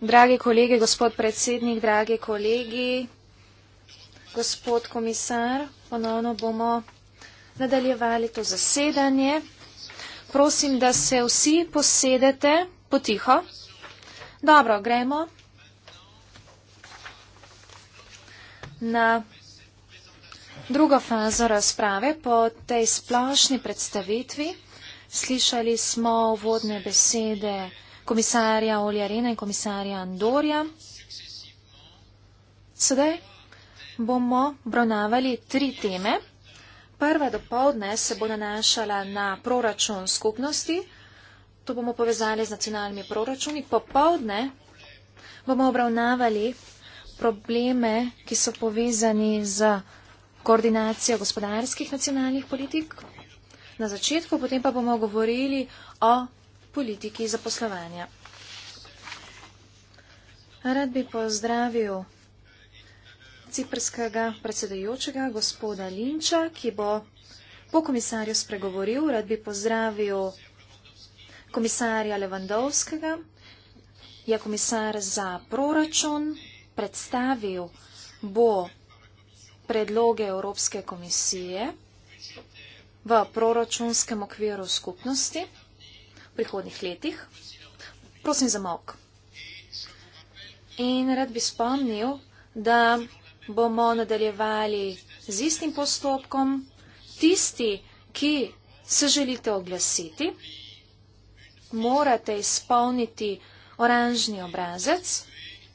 Dragi kolegi, gospod predsednik, dragi kolegi, gospod komisar, ponovno bomo nadaljevali to zasedanje. Prosim, da se vsi posedete potiho. Dobro, gremo na drugo fazo razprave po tej splošni predstavitvi. Slišali smo vodne besede komisarja komisarja Oljarena in komisarja Andorja. Sedaj bomo obravnavali tri teme. Prva do povdne se bo nanašala na proračun skupnosti. To bomo povezali z nacionalnimi proračuni. Popovdne bomo obravnavali probleme, ki so povezani z koordinacijo gospodarskih nacionalnih politik. Na začetku potem pa bomo govorili o politiki zaposlovanja. Rad bi pozdravil ciprskega predsedujočega gospoda Linča, ki bo po komisarju spregovoril. Rad bi pozdravil komisarja Levandovskega, je komisar za proračun, predstavil bo predloge Evropske komisije v proračunskem okviru skupnosti prihodnih letih. Prosim za mok. In rad bi spomnil, da bomo nadaljevali z istim postopkom. Tisti, ki se želite oglasiti, morate izpolniti oranžni obrazec,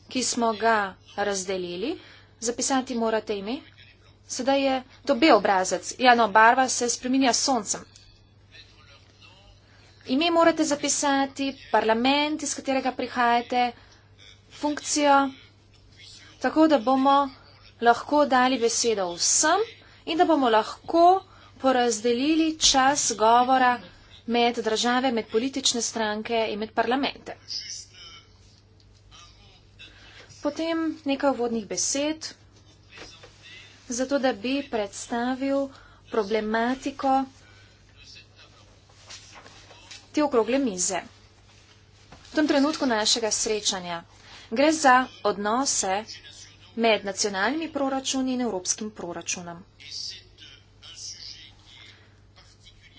ki smo ga razdelili. Zapisati morate ime. Sedaj je to B obrazec. Ja, no, barva se spreminja s soncem ime morate zapisati, parlament, iz katerega prihajate, funkcijo, tako da bomo lahko dali besedo vsem in da bomo lahko porazdelili čas govora med države, med politične stranke in med parlamente. Potem nekaj vodnih besed, zato da bi predstavil problematiko te okrogle mize. V tem trenutku našega srečanja gre za odnose med nacionalnimi proračuni in evropskim proračunom.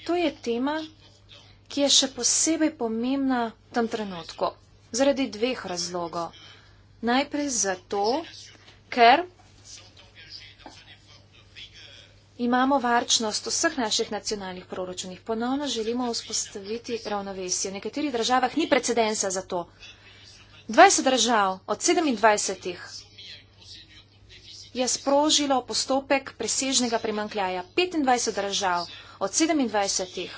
To je tema, ki je še posebej pomembna v tem trenutku, zaradi dveh razlogov. Najprej zato, ker Imamo varčnost v vseh naših nacionalnih proračunih. Ponovno želimo vzpostaviti ravnovesje. V nekaterih državah ni precedensa za to. 20 držav od 27 je sprožilo postopek presežnega primankljaja. 25 držav od 27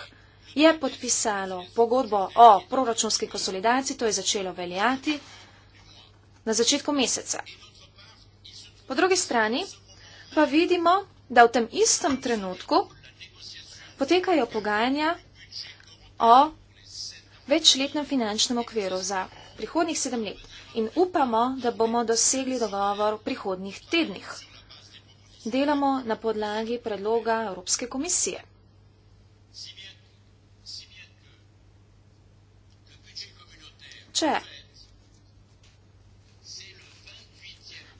je podpisalo pogodbo o proračunski konsolidaciji, to je začelo veljati na začetku meseca. Po drugi strani pa vidimo, da v tem istem trenutku potekajo pogajanja o večletnem finančnem okviru za prihodnih sedem let in upamo, da bomo dosegli dogovor v prihodnih tednih. Delamo na podlagi predloga Evropske komisije. Če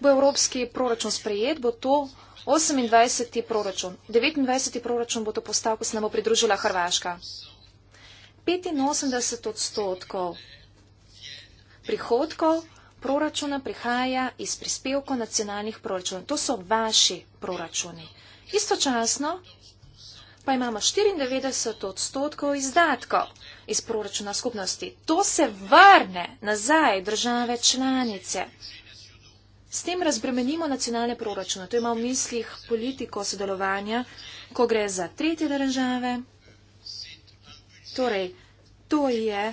bo evropski proračun sprejet, bo to 28. proračun. 29. proračun bo to postal, ko se nam bo pridružila Hrvaška. 85 odstotkov prihodkov proračuna prihaja iz prispevkov nacionalnih proračunov. To so vaši proračuni. Istočasno pa imamo 94 odstotkov izdatkov iz proračuna skupnosti. To se vrne nazaj države članice. S tem razbremenimo nacionalne proračune. To ima v mislih politiko sodelovanja, ko gre za tretje države. Torej, to je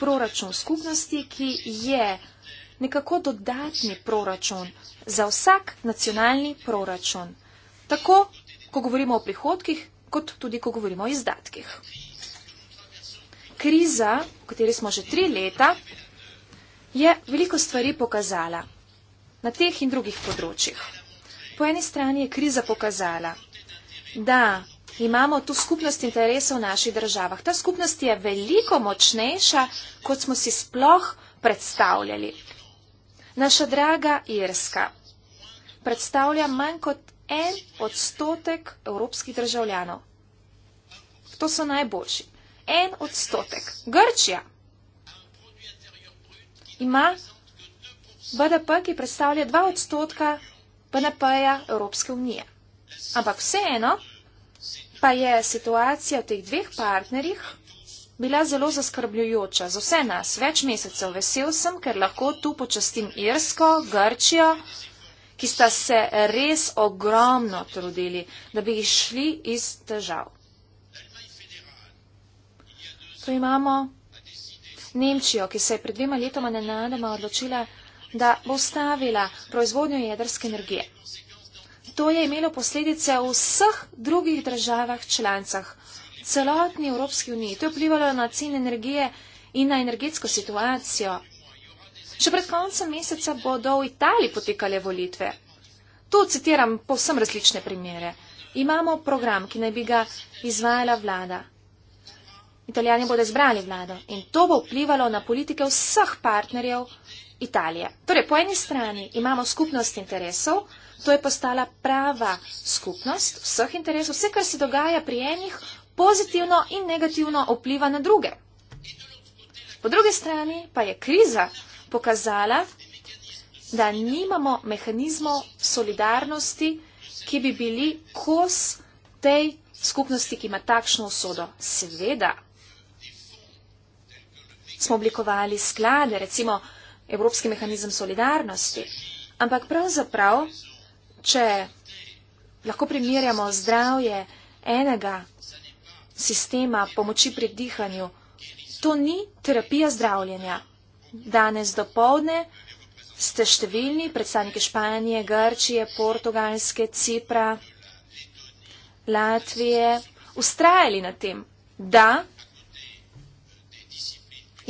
proračun skupnosti, ki je nekako dodatni proračun za vsak nacionalni proračun. Tako, ko govorimo o prihodkih, kot tudi, ko govorimo o izdatkih. Kriza, v kateri smo že tri leta, je veliko stvari pokazala na teh in drugih področjih. Po eni strani je kriza pokazala, da imamo tu skupnost interesov v naših državah. Ta skupnost je veliko močnejša, kot smo si sploh predstavljali. Naša draga Irska predstavlja manj kot en odstotek evropskih državljanov. To so najboljši. En odstotek. Grčija ima BDP, ki predstavlja 2 odstotka BNP-ja Evropske unije. Ampak vseeno pa je situacija v teh dveh partnerjih bila zelo zaskrbljujoča za vse nas. Več mesecev vesel sem, ker lahko tu počastim Irsko, Grčijo, ki sta se res ogromno trudili, da bi išli iz težav. Tu imamo Nemčijo, ki se je pred dvema letoma nenadoma odločila da bo ustavila proizvodnjo jedrske energije. To je imelo posledice v vseh drugih državah članicah, celotni Evropski uniji. To je vplivalo na cene energije in na energetsko situacijo. Še pred koncem meseca bodo v Italiji potekale volitve. Tu citiram povsem različne primere. Imamo program, ki naj bi ga izvajala vlada. Italijani bodo izbrali vlado in to bo vplivalo na politike vseh partnerjev Italije. Torej, po eni strani imamo skupnost interesov, to je postala prava skupnost vseh interesov, vse, kar se dogaja pri enih, pozitivno in negativno vpliva na druge. Po druge strani pa je kriza pokazala, da nimamo mehanizmov solidarnosti, ki bi bili kos tej skupnosti, ki ima takšno usodo. Seveda smo oblikovali sklade, recimo evropski mehanizem solidarnosti. Ampak pravzaprav, če lahko primerjamo zdravje enega sistema pomoči pri dihanju, to ni terapija zdravljenja. Danes do povdne ste številni predstavniki Španije, Grčije, Portugalske, Cipra, Latvije ustrajali na tem, da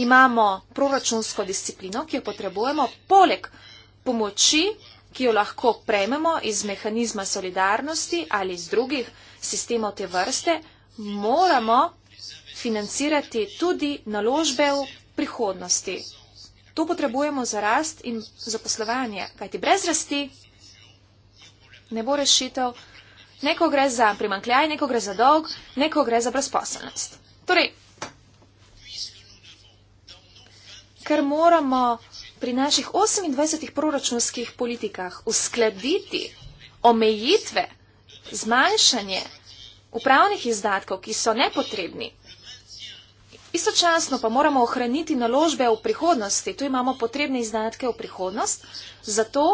imamo proračunsko disciplino, ki jo potrebujemo, poleg pomoči, ki jo lahko prejmemo iz mehanizma solidarnosti ali iz drugih sistemov te vrste, moramo financirati tudi naložbe v prihodnosti. To potrebujemo za rast in za poslovanje, kajti brez rasti ne bo rešitev. Neko gre za primankljaj, neko gre za dolg, neko gre za brezposelnost. Torej, kar moramo pri naših 28 proračunskih politikah uskladiti, omejitve, zmanjšanje upravnih izdatkov, ki so nepotrebni. Istočasno pa moramo ohraniti naložbe v prihodnosti. Tu imamo potrebne izdatke v prihodnost, zato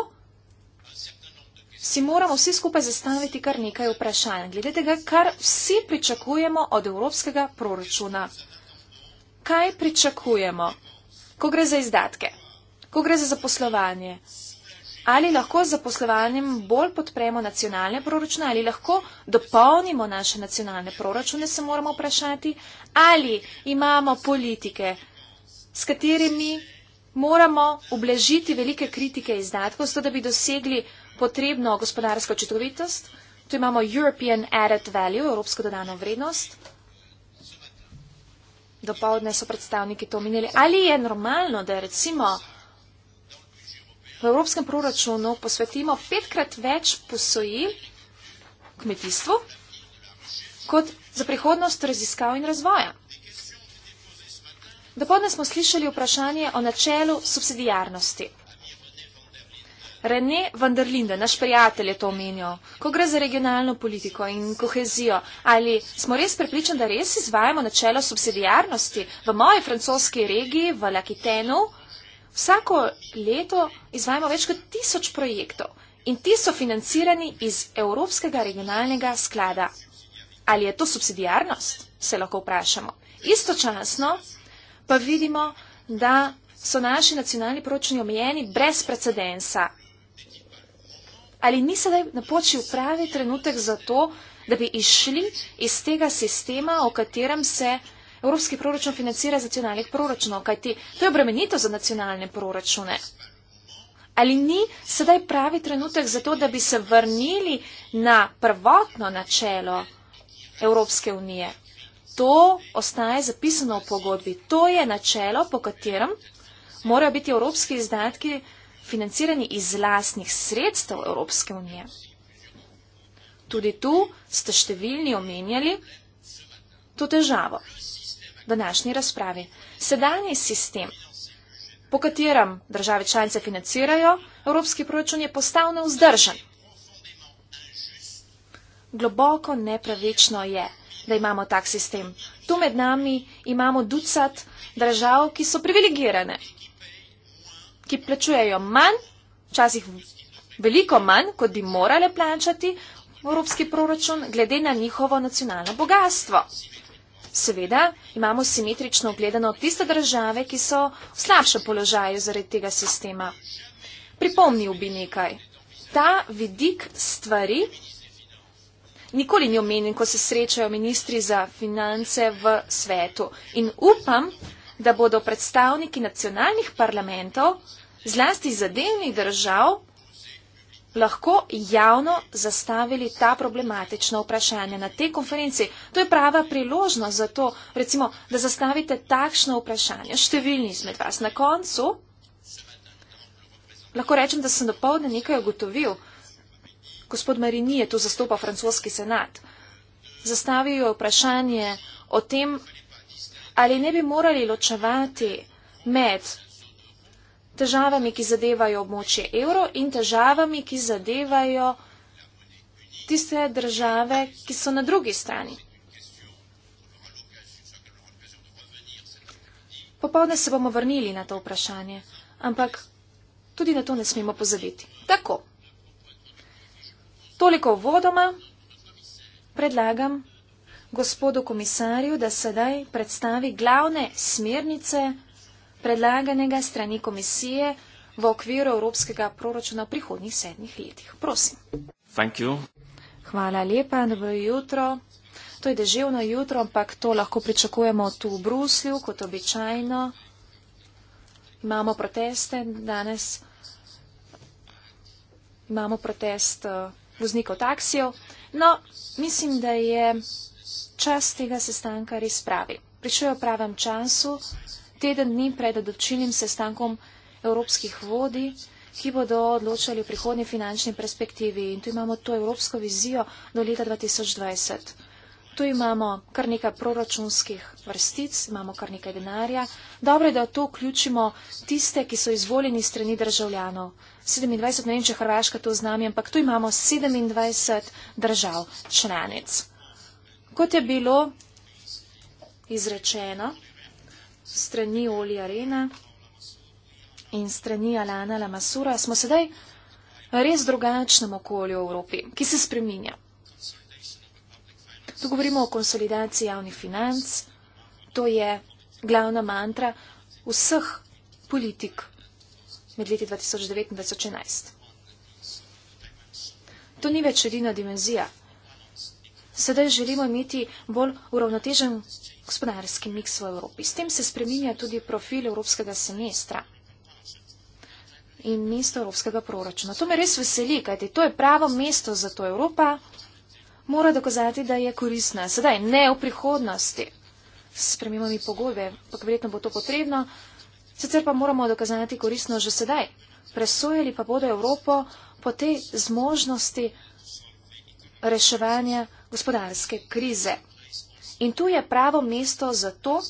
si moramo vsi skupaj zastaviti kar nekaj vprašanj. Glede tega, kar vsi pričakujemo od evropskega proračuna. Kaj pričakujemo? ko gre za izdatke, ko gre za zaposlovanje. Ali lahko z zaposlovanjem bolj podpremo nacionalne proračune, ali lahko dopolnimo naše nacionalne proračune, se moramo vprašati, ali imamo politike, s katerimi moramo ublažiti velike kritike izdatkov, zato da bi dosegli potrebno gospodarsko učinkovitost. Tu imamo European Added Value, evropsko dodano vrednost do povdne so predstavniki to omenili. Ali je normalno, da recimo v evropskem proračunu posvetimo petkrat več posojil kmetijstvu kot za prihodnost raziskav in razvoja? Dopodne smo slišali vprašanje o načelu subsidijarnosti. Rene Vanderlinde, naš prijatelj je to omenil, ko gre za regionalno politiko in kohezijo, ali smo res prepričani, da res izvajamo načelo subsidijarnosti v moji francoski regiji, v Lakitenu. Vsako leto izvajamo več kot tisoč projektov in ti so financirani iz Evropskega regionalnega sklada. Ali je to subsidijarnost? Se lahko vprašamo. Istočasno pa vidimo, da so naši nacionalni proračuni omejeni brez precedensa. Ali ni sedaj napočil pravi trenutek za to, da bi išli iz tega sistema, o katerem se evropski proračun financira iz nacionalnih proračunov, kajti to je obremenito za nacionalne proračune? Ali ni sedaj pravi trenutek za to, da bi se vrnili na prvotno načelo Evropske unije? To ostaje zapisano v pogodbi. To je načelo, po katerem morajo biti evropski izdatki financirani iz lastnih sredstev Evropske unije. Tudi tu ste številni omenjali to težavo v današnji razpravi. Sedanji sistem, po katerem države članice financirajo, Evropski proračun je postal neuzdržan. Globoko nepravično je, da imamo tak sistem. Tu med nami imamo ducat držav, ki so privilegirane, ki plačujejo manj, včasih veliko manj, kot bi morale plačati v evropski proračun, glede na njihovo nacionalno bogatstvo. Seveda imamo simetrično ogledano tiste države, ki so v slabšem položaju zaradi tega sistema. Pripomnil bi nekaj. Ta vidik stvari nikoli ni omenjen, ko se srečajo ministri za finance v svetu. In upam, da bodo predstavniki nacionalnih parlamentov zlasti zadevnih držav, lahko javno zastavili ta problematična vprašanja na tej konferenci. To je prava priložnost za to, recimo, da zastavite takšno vprašanje. Številni izmed vas na koncu, lahko rečem, da sem dopolne nekaj ogotovil, gospod Marini je tu zastopal francoski senat, zastavijo vprašanje o tem, ali ne bi morali ločevati med težavami, ki zadevajo območje evro in težavami, ki zadevajo tiste države, ki so na drugi strani. Popovdne se bomo vrnili na to vprašanje, ampak tudi na to ne smemo pozabiti. Tako, toliko vodoma predlagam gospodu komisarju, da sedaj predstavi glavne smernice predlaganega strani komisije v okviru evropskega proračuna v prihodnih sedmih letih. Prosim. Hvala lepa, dobro jutro. To je deževno jutro, ampak to lahko pričakujemo tu v Bruslju, kot običajno. Imamo proteste danes, imamo protest eh, voznikov taksijev. No, mislim, da je čas tega sestanka res pravi. Prišel je v pravem času, teden dni pred odločilnim sestankom evropskih vodi, ki bodo odločali v prihodnji finančni perspektivi. In tu imamo to evropsko vizijo do leta 2020. Tu imamo kar nekaj proračunskih vrstic, imamo kar nekaj denarja. Dobro je, da to vključimo tiste, ki so izvoljeni strani državljanov. 27, ne vem, če Hrvaška to znam, ampak tu imamo 27 držav članic. Kot je bilo izrečeno, strani Oli Arena in strani Alana Lamasura smo sedaj v res drugačnem okolju v Evropi, ki se spreminja. Tu govorimo o konsolidaciji javnih financ, to je glavna mantra vseh politik med leti 2009 in 2011. To ni več edina dimenzija. Sedaj želimo imeti bolj uravnotežen gospodarski miks v Evropi. S tem se spreminja tudi profil evropskega semestra in mesto evropskega proračuna. To me res veseli, kajti to je pravo mesto za to. Evropa mora dokazati, da je koristna sedaj, ne v prihodnosti. Spremimo mi pogodbe, pa verjetno bo to potrebno. Sicer pa moramo dokazati koristno že sedaj. Presojali pa bodo Evropo po tej zmožnosti reševanja gospodarske krize. In tu je pravo mesto za to,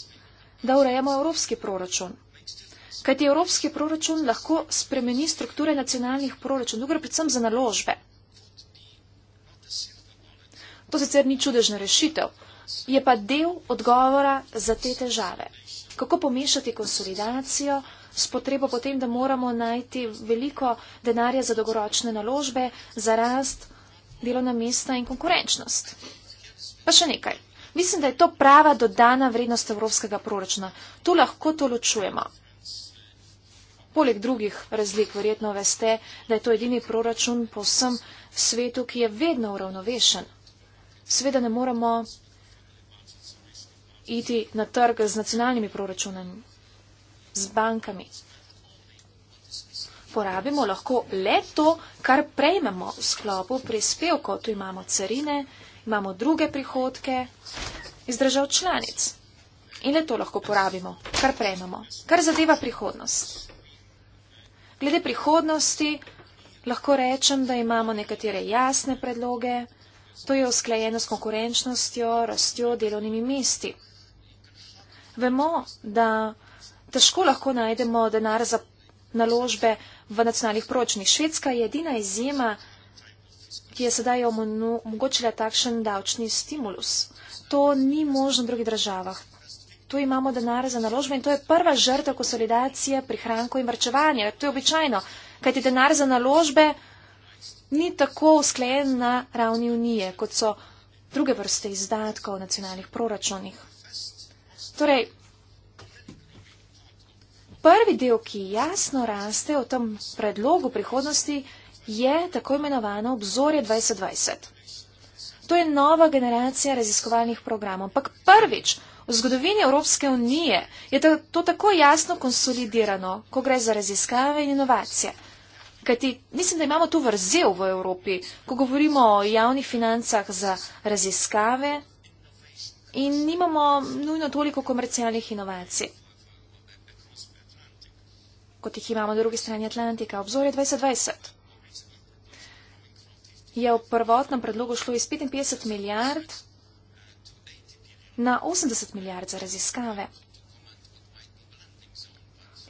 da urejamo evropski proračun. Kajti evropski proračun lahko spremeni strukture nacionalnih proračun, dugo predvsem za naložbe. To sicer ni čudežna rešitev, je pa del odgovora za te težave. Kako pomešati konsolidacijo s potrebo potem, da moramo najti veliko denarja za dolgoročne naložbe, za rast delovna mesta in konkurenčnost. Pa še nekaj. Mislim, da je to prava dodana vrednost evropskega proračuna. Tu lahko to ločujemo. Poleg drugih razlik, verjetno veste, da je to edini proračun po vsem svetu, ki je vedno uravnovešen. Sveda ne moremo iti na trg z nacionalnimi proračunami, z bankami. Porabimo lahko le to, kar prejmemo v sklopu prispevkov. Tu imamo carine, imamo druge prihodke iz držav članic. In le to lahko porabimo, kar prejmemo, kar zadeva prihodnost. Glede prihodnosti lahko rečem, da imamo nekatere jasne predloge, to je usklajeno s konkurenčnostjo, rastjo delovnimi mesti. Vemo, da težko lahko najdemo denar za naložbe v nacionalnih proračunih. Švedska je edina izjema ki je sedaj omogočila takšen davčni stimulus. To ni možno v drugih državah. Tu imamo denar za naložbe in to je prva žrtva konsolidacije prihrankov in vrčevanja. To je običajno, kajti denar za naložbe ni tako usklejen na ravni unije, kot so druge vrste izdatkov v nacionalnih proračunih. Torej, prvi del, ki jasno raste v tem predlogu prihodnosti, je tako imenovano obzorje 2020. To je nova generacija raziskovalnih programov. Ampak prvič v zgodovini Evropske unije je to tako jasno konsolidirano, ko gre za raziskave in inovacije. Kajti mislim, da imamo tu vrzel v Evropi, ko govorimo o javnih financah za raziskave in nimamo nujno toliko komercialnih inovacij kot jih imamo na drugi strani Atlantika, obzorje 2020 je v prvotnem predlogu šlo iz 55 milijard na 80 milijard za raziskave.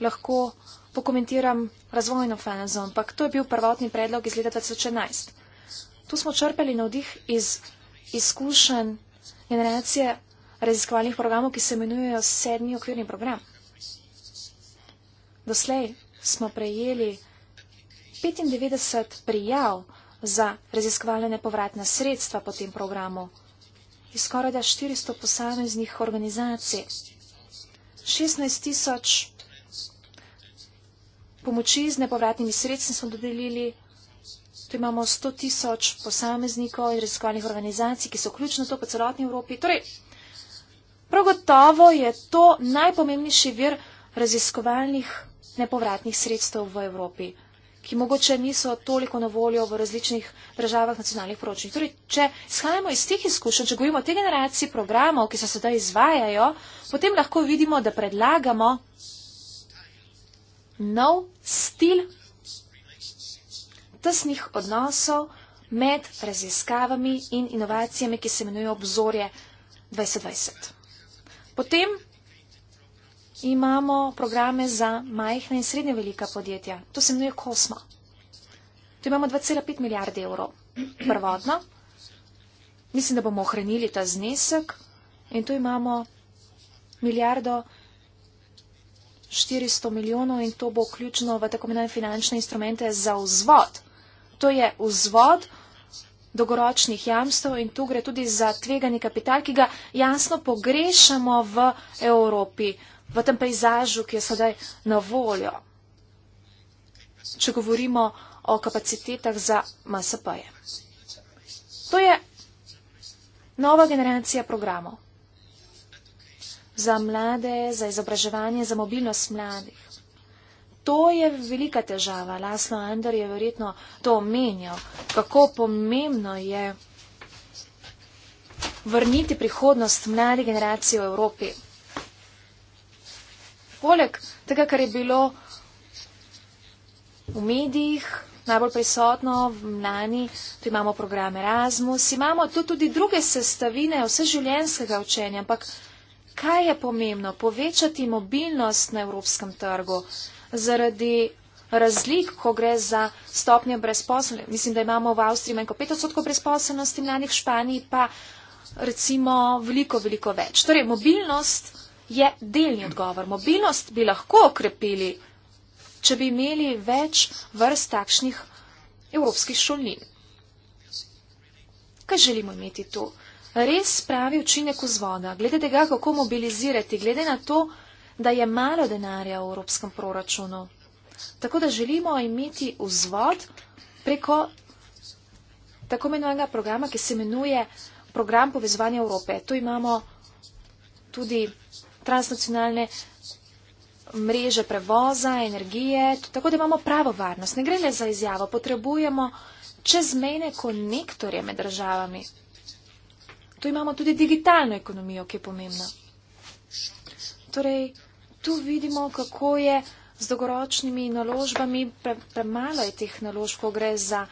Lahko pokomentiram razvojno fenzo, ampak to je bil prvotni predlog iz leta 2011. Tu smo črpali navdih iz izkušenj generacije raziskovalnih programov, ki se imenujejo sedmi okvirni program. Doslej smo prejeli 95 prijav za raziskovalne nepovratna sredstva po tem programu iz skoraj da 400 posameznih organizacij. 16 tisoč pomoči z nepovratnimi sredstvi smo dodelili. Tu imamo 100 tisoč posameznikov in raziskovalnih organizacij, ki so ključno to po celotni Evropi. Torej, prav gotovo je to najpomembnejši vir raziskovalnih nepovratnih sredstev v Evropi ki mogoče niso toliko na voljo v različnih državah nacionalnih poročnih. Torej, če shajamo iz teh izkušenj, če govorimo o tej generaciji programov, ki se sedaj izvajajo, potem lahko vidimo, da predlagamo nov stil tesnih odnosov med raziskavami in inovacijami, ki se imenujejo obzorje 2020. Potem imamo programe za majhna in srednje velika podjetja. To se imenuje Kosmo. Tu imamo 2,5 milijarde evrov prvotno. Mislim, da bomo ohranili ta znesek in tu imamo milijardo 400 milijonov in to bo vključno v tako imenovane finančne instrumente za vzvod. To je vzvod dolgoročnih jamstv in tu gre tudi za tvegani kapital, ki ga jasno pogrešamo v Evropi v tem pejzažu, ki je sedaj na voljo. Če govorimo o kapacitetah za MSP-je. To je nova generacija programov za mlade, za izobraževanje, za mobilnost mladih. To je velika težava. Laslo Ander je verjetno to omenjal, kako pomembno je vrniti prihodnost mlade generacije v Evropi. Poleg tega, kar je bilo v medijih najbolj prisotno v mlani, tu imamo program Erasmus, imamo tu tudi druge sestavine vseživljenjskega učenja, ampak kaj je pomembno? Povečati mobilnost na evropskem trgu zaradi razlik, ko gre za stopnje brezposelnosti. Mislim, da imamo v Avstriji manj kot 5% brezposelnosti, mlanih v Španiji pa recimo veliko, veliko več. Torej, mobilnost je delni odgovor. Mobilnost bi lahko okrepili, če bi imeli več vrst takšnih evropskih šolnin. Kaj želimo imeti tu? Res pravi učinek vzvoda, glede tega, kako mobilizirati, glede na to, da je malo denarja v evropskem proračunu. Tako da želimo imeti vzvod preko tako imenovanega programa, ki se imenuje program povezovanja Evrope. Tu imamo tudi transnacionalne mreže prevoza, energije, tako da imamo pravo varnost. Ne gre le za izjavo, potrebujemo čezmejne konektorje med državami. Tu imamo tudi digitalno ekonomijo, ki je pomembna. Torej, tu vidimo, kako je z dolgoročnimi naložbami, pre, premalo je teh naložb, ko gre za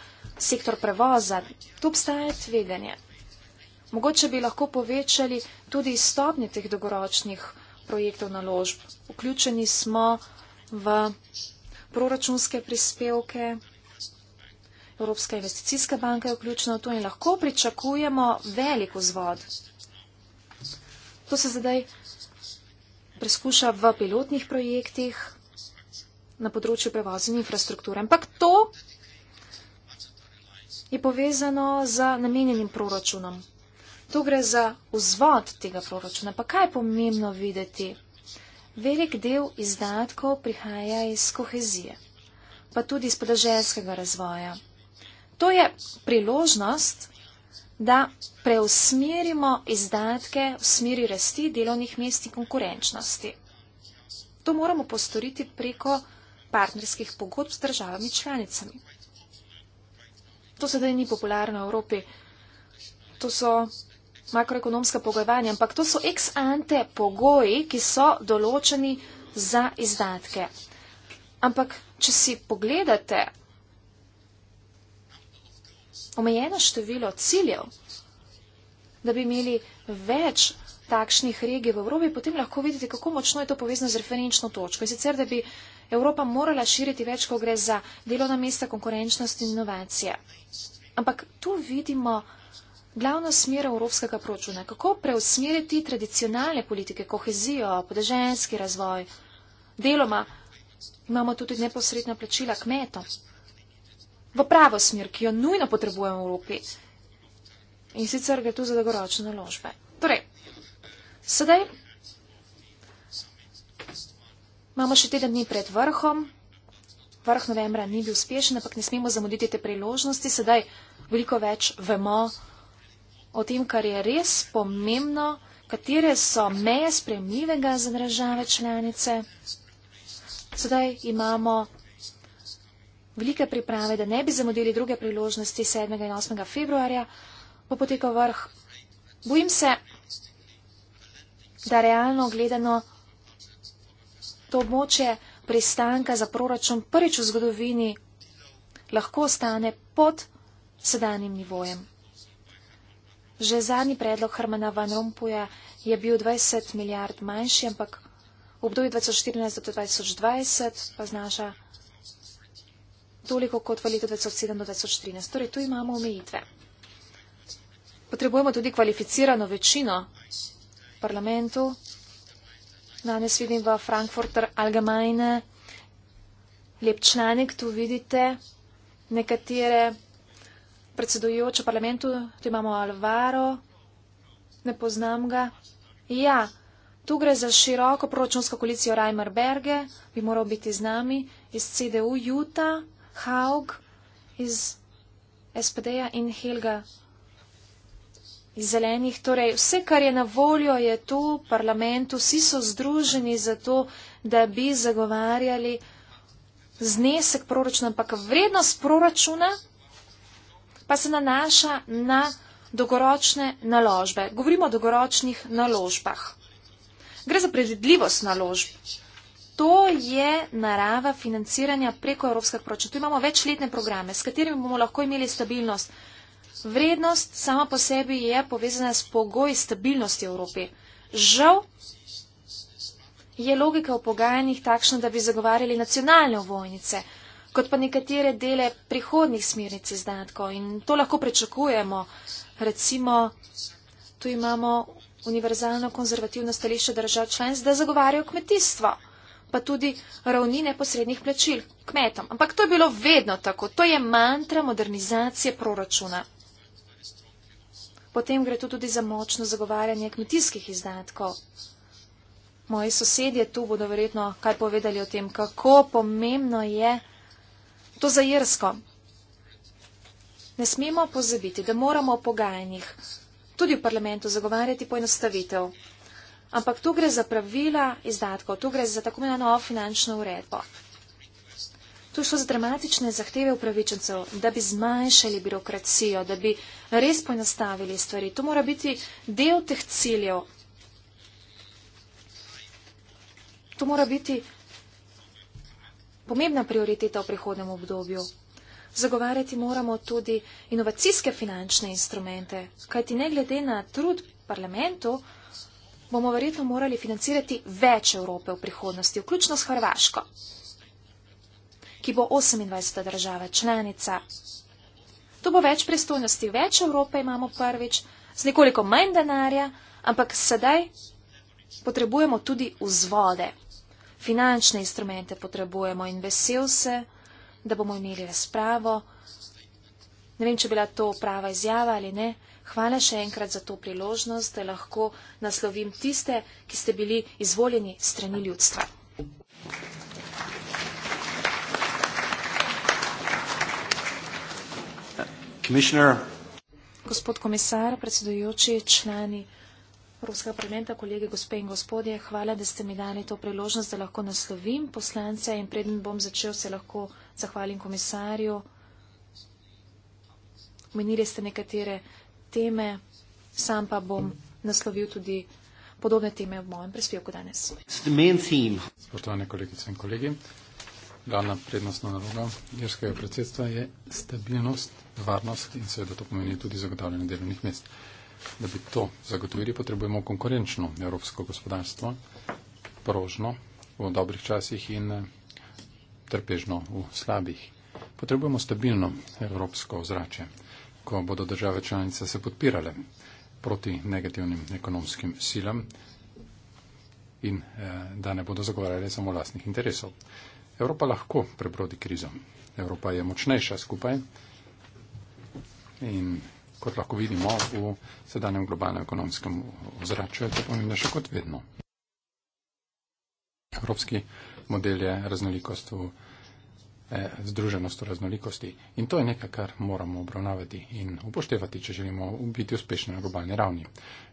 sektor prevoza. Tu obstaja tveganje. Mogoče bi lahko povečali tudi stopnje teh dolgoročnih naložb projektov naložb. Vključeni smo v proračunske prispevke. Evropska investicijska banka je vključena v to in lahko pričakujemo velik vzvod. To se zdaj preskuša v pilotnih projektih na področju prevozen infrastrukture. Ampak to je povezano z namenjenim proračunom. Tu gre za vzvod tega proračuna. Pa kaj je pomembno videti? Velik del izdatkov prihaja iz kohezije, pa tudi iz podeželskega razvoja. To je priložnost, da preusmerimo izdatke v smeri rasti delovnih mest in konkurenčnosti. To moramo postoriti preko partnerskih pogodb s državami članicami. To sedaj ni popularno v Evropi. To so makroekonomska pogojevanja, ampak to so ex ante pogoji, ki so določeni za izdatke. Ampak, če si pogledate omejeno število ciljev, da bi imeli več takšnih regij v Evropi, potem lahko vidite, kako močno je to povezano z referenčno točko. In sicer, da bi Evropa morala širiti več, ko gre za delovna mesta, konkurenčnost in inovacije. Ampak tu vidimo, glavno smer evropskega proračuna. Kako preusmeriti tradicionalne politike, kohezijo, podeženski razvoj? Deloma imamo tudi neposredna plačila kmetom. V pravo smer, ki jo nujno potrebujemo v Evropi. In sicer gre tu za dolgoročne naložbe. Torej, sedaj imamo še teden dni pred vrhom. Vrh novembra ni bil uspešen, ampak ne smemo zamuditi te priložnosti. Sedaj veliko več vemo, o tem, kar je res pomembno, katere so meje spremljivega za države članice. Sedaj imamo velike priprave, da ne bi zamudili druge priložnosti 7. in 8. februarja, bo potekal vrh. Bojim se, da realno gledano to območje pristanka za proračun prvič v zgodovini lahko ostane pod sedanjim nivojem. Že zadnji predlog Hrmana Van Rompuja je bil 20 milijard manjši, ampak v obdobju 2014 do 2020 pa znaša toliko kot v letu 2007 do 2013. Torej, tu imamo omejitve. Potrebujemo tudi kvalificirano večino v parlamentu. Danes vidim v Frankfurter Allgemeine lep članek, tu vidite nekatere predsedujoč v parlamentu, tu imamo Alvaro, ne poznam ga. Ja, tu gre za široko proračunsko koalicijo Reimer Berge, bi moral biti z nami, iz CDU Juta, Haug iz SPD-ja in Helga iz Zelenih. Torej, vse, kar je na voljo, je tu v parlamentu, vsi so združeni za to, da bi zagovarjali znesek proračuna, ampak vrednost proračuna pa se nanaša na dolgoročne naložbe. Govorimo o dolgoročnih naložbah. Gre za predvidljivost naložb. To je narava financiranja preko evropskega proračuna. Tu imamo večletne programe, s katerimi bomo lahko imeli stabilnost. Vrednost sama po sebi je povezana s pogoji stabilnosti Evrope. Žal je logika v pogajanjih takšna, da bi zagovarjali nacionalne vojnice kot pa nekatere dele prihodnih smernic izdatkov. In to lahko prečakujemo. Recimo, tu imamo univerzalno konzervativno stališče držav članic, da zagovarjajo kmetijstvo, pa tudi ravni neposrednih plačil kmetom. Ampak to je bilo vedno tako. To je mantra modernizacije proračuna. Potem gre tu tudi za močno zagovarjanje kmetijskih izdatkov. Moji sosedje tu bodo verjetno kaj povedali o tem, kako pomembno je, To za Jersko. Ne smemo pozabiti, da moramo v pogajanjih tudi v parlamentu zagovarjati poenostavitev. Ampak tu gre za pravila izdatkov, tu gre za tako imenovano finančno uredbo. Tu so za dramatične zahteve upravičencev, da bi zmanjšali birokracijo, da bi res poenostavili stvari. To mora biti del teh ciljev. To mora biti pomembna prioriteta v prihodnem obdobju. Zagovarjati moramo tudi inovacijske finančne instrumente, kajti ne glede na trud parlamentu, bomo verjetno morali financirati več Evrope v prihodnosti, vključno s Hrvaško, ki bo 28. država članica. Tu bo več pristojnosti, več Evrope imamo prvič, z nekoliko manj denarja, ampak sedaj potrebujemo tudi vzvode finančne instrumente potrebujemo in vesel se, da bomo imeli razpravo. Ne vem, če bila to prava izjava ali ne. Hvala še enkrat za to priložnost, da lahko naslovim tiste, ki ste bili izvoljeni strani ljudstva. Gospod komisar, predsedujoči, člani. Evropskega parlamenta, kolege, gospe in gospodje, hvala, da ste mi dali to priložnost, da lahko naslovim poslance in preden bom začel, se lahko zahvalim komisarju. Menili ste nekatere teme, sam pa bom naslovil tudi podobne teme v mojem prispevku danes. Spoštovane kolegice in kolegi, glavna prednostna naloga irskega predsedstva je stabilnost, varnost in seveda to pomeni tudi zagotavljanje delovnih mest da bi to zagotovili, potrebujemo konkurenčno evropsko gospodarstvo, prožno v dobrih časih in eh, trpežno v slabih. Potrebujemo stabilno evropsko ozračje, ko bodo države članice se podpirale proti negativnim ekonomskim silam in eh, da ne bodo zagovarjali samo vlastnih interesov. Evropa lahko prebrodi krizo. Evropa je močnejša skupaj in kot lahko vidimo v sedanjem globalnem ekonomskem ozračju, je to pomembnejše kot vedno. Evropski model je raznolikost v eh, združenost v raznolikosti in to je nekaj, kar moramo obravnavati in upoštevati, če želimo biti uspešni na globalni ravni.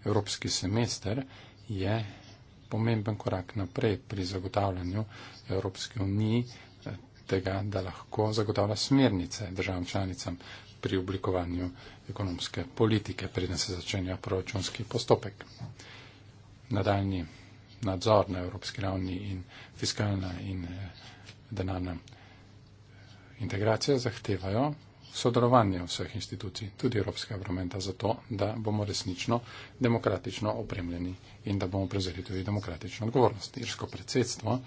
Evropski semester je pomemben korak naprej pri zagotavljanju Evropske unije eh, tega, da lahko zagotavlja smernice državam članicam, pri oblikovanju ekonomske politike, preden se začenja proračunski postopek. Nadaljni nadzor na evropski ravni in fiskalna in eh, denarna eh, integracija zahtevajo sodelovanje vseh institucij, tudi Evropskega parlamenta, zato, da bomo resnično demokratično opremljeni in da bomo prevzeli tudi demokratično odgovornost. Irsko predsedstvo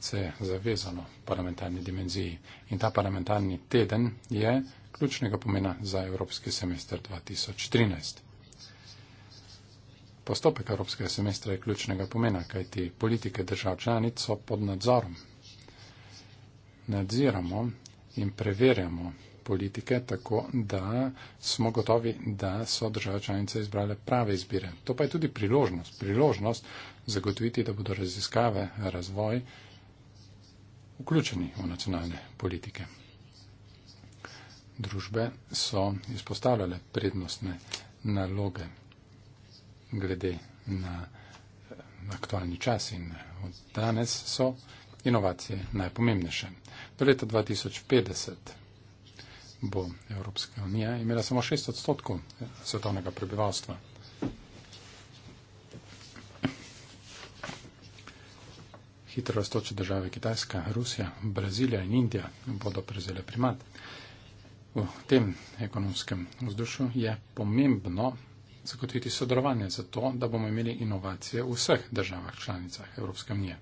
se je zavezano parlamentarni dimenziji in ta parlamentarni teden je ključnega pomena za evropski semester 2013. Postopek evropskega semestra je ključnega pomena, kajti politike držav članic so pod nadzorom. Nadziramo in preverjamo politike tako, da smo gotovi, da so države članice izbrale prave izbire. To pa je tudi priložnost. Priložnost zagotoviti, da bodo raziskave, razvoj vključeni v nacionalne politike družbe so izpostavljale prednostne naloge glede na eh, aktualni čas in eh, od danes so inovacije najpomembnejše. Do leta 2050 bo Evropska unija imela samo 6 odstotkov eh, svetovnega prebivalstva. Hitro raztoče države Kitajska, Rusija, Brazilija in Indija bodo prezele primat. V tem ekonomskem vzdušju je pomembno zagotoviti sodelovanje za to, da bomo imeli inovacije v vseh državah članicah Evropske unije.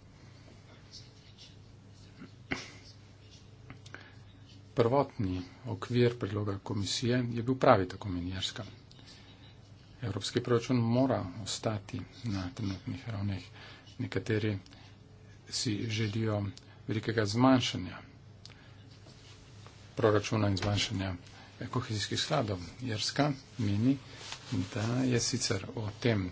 Prvotni okvir predloga komisije je bil pravi tako menjerska. Evropski proračun mora ostati na trenutnih ravneh. Nekateri si želijo velikega zmanjšanja proračuna in zmanjšanja kohezijskih skladov. Jerska meni, da je sicer o tem,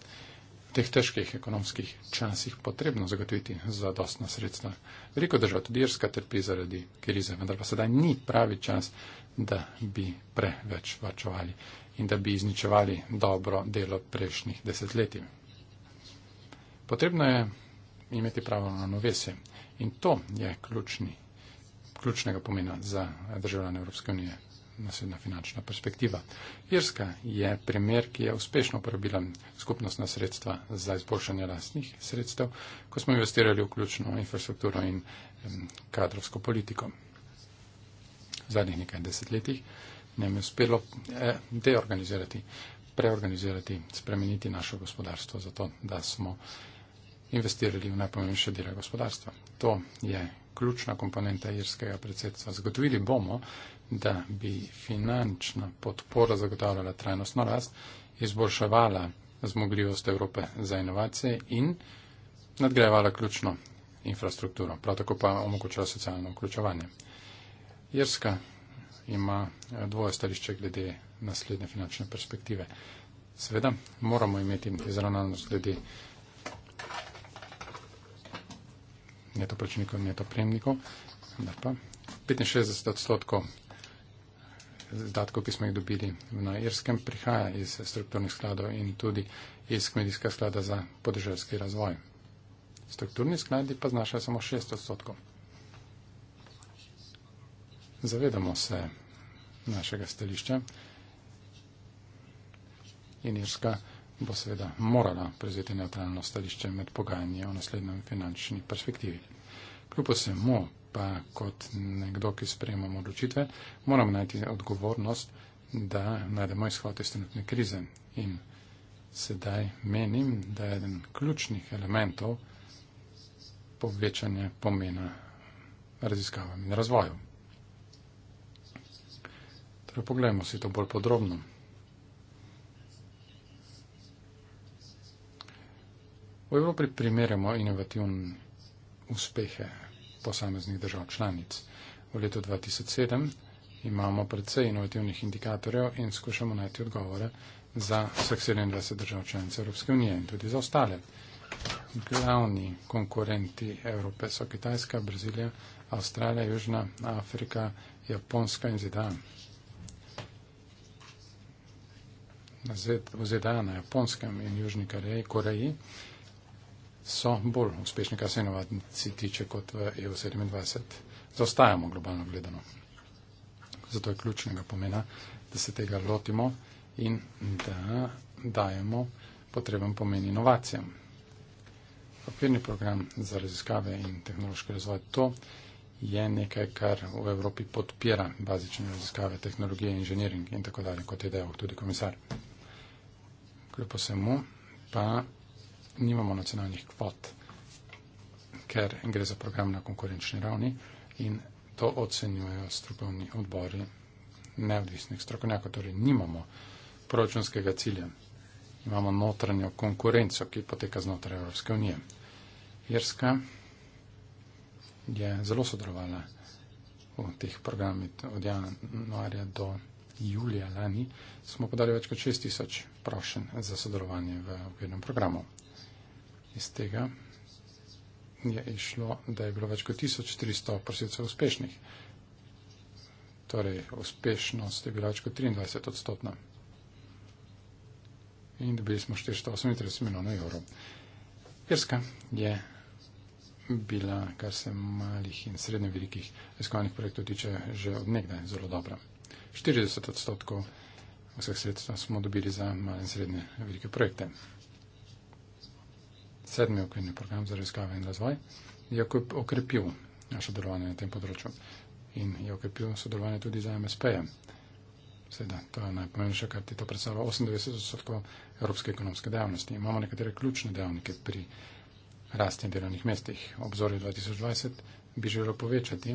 teh težkih ekonomskih časih potrebno zagotoviti zadostna sredstva. Veliko držav, tudi Irska, trpi zaradi krize, vendar pa sedaj ni pravi čas, da bi preveč vačovali in da bi izničevali dobro delo prejšnjih desetletij. Potrebno je imeti pravo na novesje in to je ključni ključnega pomena za državljane Evropske unije naslednja finančna perspektiva. Irska je primer, ki je uspešno uporabila skupnostna sredstva za izboljšanje lastnih sredstev, ko smo investirali v ključno infrastrukturo in kadrovsko politiko. V zadnjih nekaj desetletjih nam je uspelo e, deorganizirati, preorganizirati, spremeniti naše gospodarstvo, zato da smo investirali v najpomembnejše dele gospodarstva. To je ključna komponenta irskega predsedstva. Zagotovili bomo, da bi finančna podpora zagotavljala trajnostno rast, izboljševala zmogljivost Evrope za inovacije in nadgrajevala ključno infrastrukturo, prav tako pa omogočila socialno vključevanje. Irska ima eh, dvoje stališče glede naslednje finančne perspektive. Seveda moramo imeti izravnanost glede neto plačnikov in neto prejemnikov. 65 odstotkov zdatkov, ki smo jih dobili na Irskem, prihaja iz strukturnih skladov in tudi iz kmedijskega sklada za podeželjski razvoj. Strukturni skladi pa znašajo samo 6 odstotkov. Zavedamo se našega stališča in Irska bo seveda morala prevzeti neutralno stališče med pogajanji o naslednjem finančni perspektivi. Kljub vsemu pa kot nekdo, ki sprejemamo odločitve, moramo najti odgovornost, da najdemo izhod iz trenutne krize. In sedaj menim, da je eden ključnih elementov povečanja pomena raziskavam in razvoju. Torej, poglejmo si to bolj podrobno. V Evropi primerjamo inovativne uspehe posameznih držav članic. V letu 2007 imamo predvsej inovativnih indikatorjev in skušamo najti odgovore za vseh 27 držav članic Evropske unije in tudi za ostale. Glavni konkurenti Evrope so Kitajska, Brazilija, Avstralija, Južna Afrika, Japonska in ZDA. V ZDA na Japonskem in Južni Koreji. Koreji so bolj uspešni, kar se inovacij tiče, kot v EU27. Zaostajamo globalno gledano. Zato je ključnega pomena, da se tega lotimo in da dajemo potreben pomen inovacijam. Okvirni program za raziskave in tehnološki razvoj to je nekaj, kar v Evropi podpira bazične raziskave, tehnologije, inženiring in tako dalje, kot je dejal tudi komisar. Kljub vsemu pa nimamo nacionalnih kvot, ker gre za program na konkurenčni ravni in to ocenjujejo strokovni odbori neodvisnih strokovnjakov, torej nimamo proračunskega cilja. Imamo notranjo konkurenco, ki poteka znotraj Evropske unije. Irska je zelo sodelovala v teh programih od januarja do julija lani. Smo podali več kot 6000 prošen za sodelovanje v okvirnem programu iz tega je išlo, da je bilo več kot 1300 prosilcev uspešnih. Torej, uspešnost je bila več kot 23 odstotna. In dobili smo 438 milijonov evrov. Irska je bila, kar se malih in srednje velikih iskovanih projektov tiče, že od nekdaj zelo dobra. 40 odstotkov vseh sredstva smo dobili za male in srednje velike projekte sedmi okvirni program za raziskave in razvoj, je okrepil naše delovanje na tem področju in je okrepil sodelovanje tudi za MSP-je. Seveda, to je najpomembnejše, kar ti to predstavlja 98% evropske ekonomske dejavnosti. Imamo nekatere ključne dejavnike pri rasti delovnih mestih. Obzorje 2020 bi želelo povečati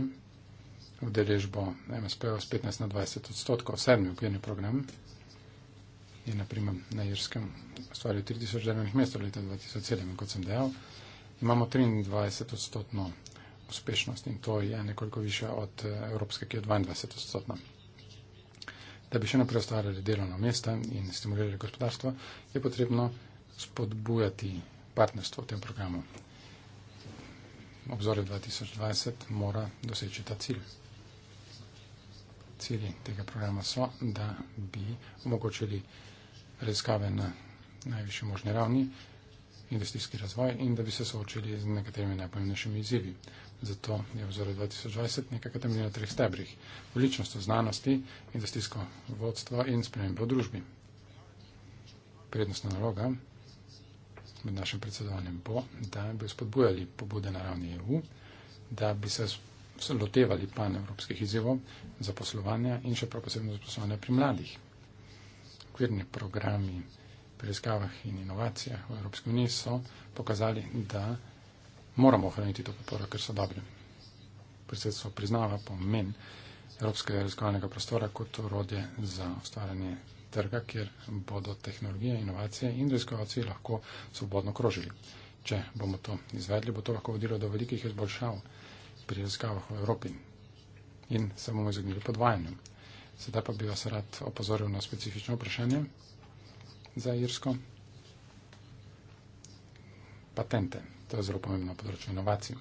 v deležbo MSP-ja z 15 na 20 odstotkov. Sedmi okvirni program je na primer na Irskem ustvaril 3000 delovnih mest v letu 2007, kot sem dejal. Imamo 23 odstotno uspešnost in to je nekoliko više od eh, evropske, ki je 22 odstotna. Da bi še naprej ustvarjali delovno mesto in stimulirali gospodarstvo, je potrebno spodbujati partnerstvo v tem programu. Obzore 2020 mora doseči ta cilj. Cilji tega programa so, da bi omogočili raziskave na najvišji možni ravni, investijski razvoj in da bi se soočili z nekaterimi najpomembnejšimi izzivi. Zato je v zoru 2020 nekaj temelji na treh stebrih. Veličnost v znanosti, investijsko vodstvo in spremembo v družbi. Prednostna naloga med našim predsedovanjem bo, da bi spodbujali pobude na ravni EU, da bi se lotevali pan evropskih izzivov za poslovanje in še prav posebno za poslovanje pri mladih okvirni programi pri raziskavah in inovacijah v Evropski uniji so pokazali, da moramo ohraniti to podporo, ker so dobri. Predsedstvo priznava pomen Evropskega raziskovalnega prostora kot urodje za ustvarjanje trga, kjer bodo tehnologije, inovacije in raziskovalci lahko svobodno krožili. Če bomo to izvedli, bo to lahko vodilo do velikih izboljšav pri raziskavah v Evropi in se bomo izognili podvajanju. Sedaj pa bi vas rad opozoril na specifično vprašanje za Irsko. Patente. To je zelo pomembno področje inovacij.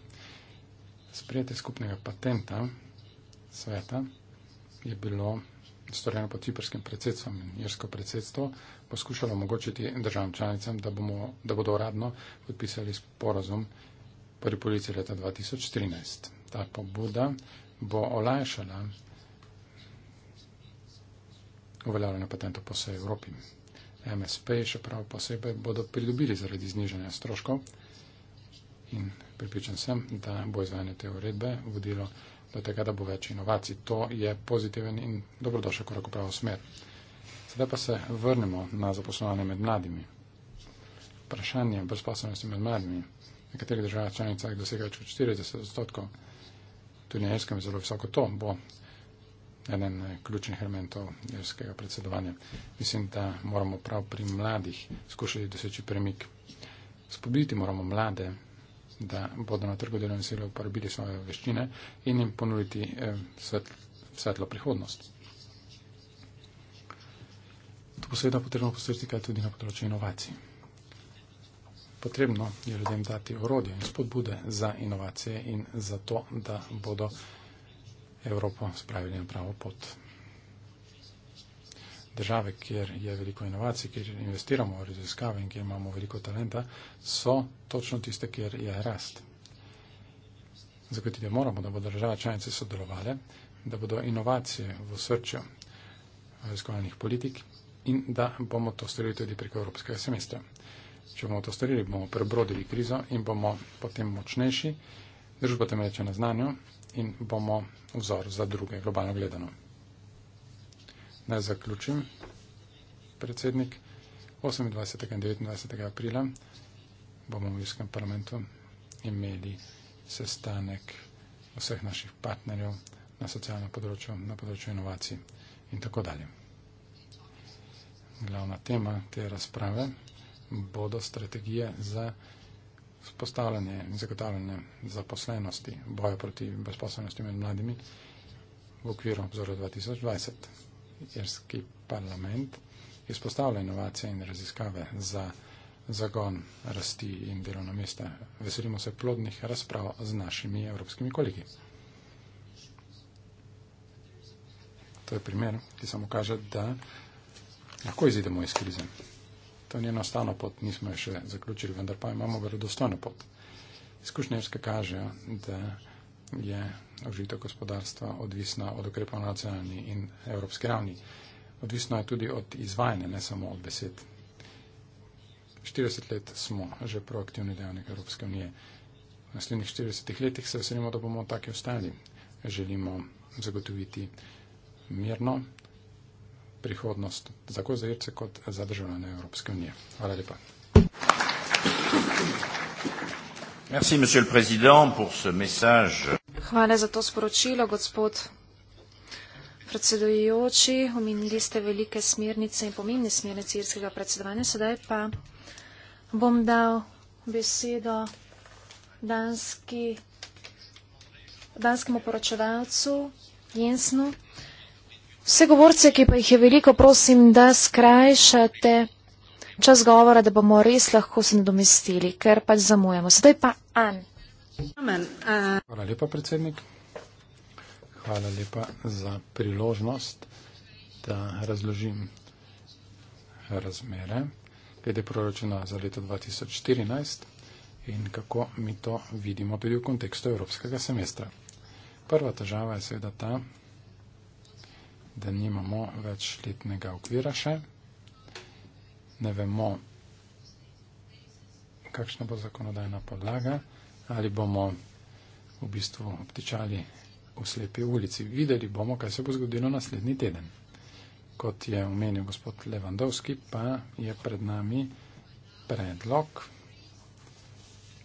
Sprejete skupnega patenta sveta je bilo storjeno pod ciprskim predsedstvom in irsko predsedstvo poskušalo omogočiti državam članicam, da, bomo, da bodo uradno podpisali sporazum pri polici leta 2013. Ta pobuda bo olajšala uveljavljanja patentov po vsej Evropi. MSP še prav posebej bodo pridobili zaradi znižanja stroškov in pripričan sem, da bo izvajanje te uredbe vodilo do tega, da bo več inovacij. To je pozitiven in dobrodošel korak v pravo smer. Sedaj pa se vrnemo na zaposlovanje med mladimi. Vprašanje brezposobnosti med mladimi. Nekateri državah članicah dosega več kot 40 odstotkov. Tudi na Irskem je zelo visoko to. Bo eden eh, ključnih elementov irskega predsedovanja. Mislim, da moramo prav pri mladih skušati doseči premik. Spobiti moramo mlade, da bodo na trgu delovne sile uporabili svoje veščine in jim ponuditi eh, svetlo, svetlo prihodnost. Tu seveda potrebno postaviti kaj tudi na področju inovacij. Potrebno je ljudem dati orodje in spodbude za inovacije in za to, da bodo Evropo spravili na pravo pot. Države, kjer je veliko inovacij, kjer investiramo v raziskave in kjer imamo veliko talenta, so točno tiste, kjer je rast. Zagotiti moramo, da bodo države članice sodelovali, da bodo inovacije v srčju raziskovalnih politik in da bomo to storili tudi preko evropskega semestra. Če bomo to storili, bomo prebrodili krizo in bomo potem močnejši, družba temelječa na znanju in bomo vzor za druge, globalno gledano. Naj zaključim, predsednik. 28. in 29. aprila bomo v Evropskem parlamentu imeli sestanek vseh naših partnerjev na socialnem področju, na področju inovacij in tako dalje. Glavna tema te razprave bodo strategije za spostavljanje in zagotavljanje zaposlenosti v boju proti brezposobnosti med mladimi v okviru obzora 2020. Irski parlament izpostavlja inovacije in raziskave za zagon rasti in delovno mesto. Veselimo se plodnih razprav z našimi evropskimi kolegi. To je primer, ki samo kaže, da lahko izidemo iz krize to ni enostavno pot, nismo jo še zaključili, vendar pa imamo verodostojno pot. Izkušnje evske kažejo, da je užito gospodarstva odvisna od ukrepov na nacionalni in evropski ravni. Odvisno je tudi od izvajanja, ne samo od besed. 40 let smo že proaktivni dejavnik Evropske unije. V naslednjih 40 letih se veselimo, da bomo taki ostali. Želimo zagotoviti mirno, prihodnost tako za Irce kot za državljane Evropske unije. Hvala lepa. Merci, monsieur le président, pour ce message. Hvala za to sporočilo, gospod predsedujoči. Omenili ste velike smernice in pomembne smernice irskega predsedovanja. Sedaj pa bom dal besedo danski, danskemu poročevalcu Jensnu. Vse govorce, ki pa jih je veliko, prosim, da skrajšate čas govora, da bomo res lahko se nadomestili, ker pač zamujamo. Sedaj pa An. Hvala lepa, predsednik. Hvala lepa za priložnost, da razložim razmere glede proračuna za leto 2014 in kako mi to vidimo tudi v kontekstu evropskega semestra. Prva težava je seveda ta, da nimamo več letnega okvira še, ne vemo, kakšna bo zakonodajna podlaga, ali bomo v bistvu obtičali v slepi ulici. Videli bomo, kaj se bo zgodilo naslednji teden. Kot je omenil gospod Levandovski, pa je pred nami predlog,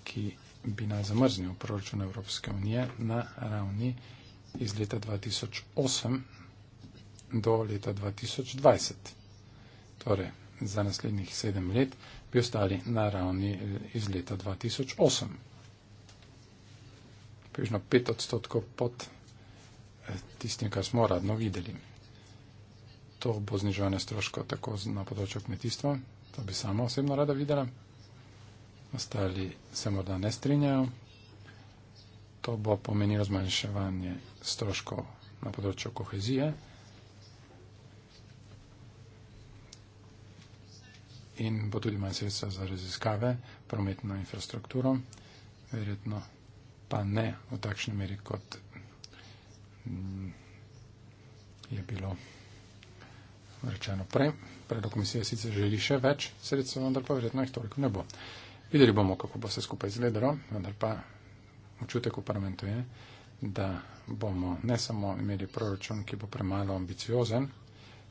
ki bi naj zamrznil proračun Evropske unije na ravni iz leta 2008, do leta 2020. Torej, za naslednjih sedem let bi ostali na ravni eh, iz leta 2008. Približno pet odstotkov pod eh, tistim, kar smo radno videli. To bo zniževanje stroškov tako na področju kmetijstva, to bi sama osebno rada videla. Ostali se morda ne strinjajo. To bo pomenilo zmanjševanje stroškov na področju kohezije. in bo tudi manj sredstva za raziskave, prometno infrastrukturo, verjetno pa ne v takšni meri, kot mm, je bilo rečeno prej. Predlog komisije sicer želi še več sredstva, vendar pa verjetno jih toliko ne bo. Videli bomo, kako bo se skupaj izgledalo, vendar pa občutek v parlamentu je, da bomo ne samo imeli proračun, ki bo premalo ambiciozen,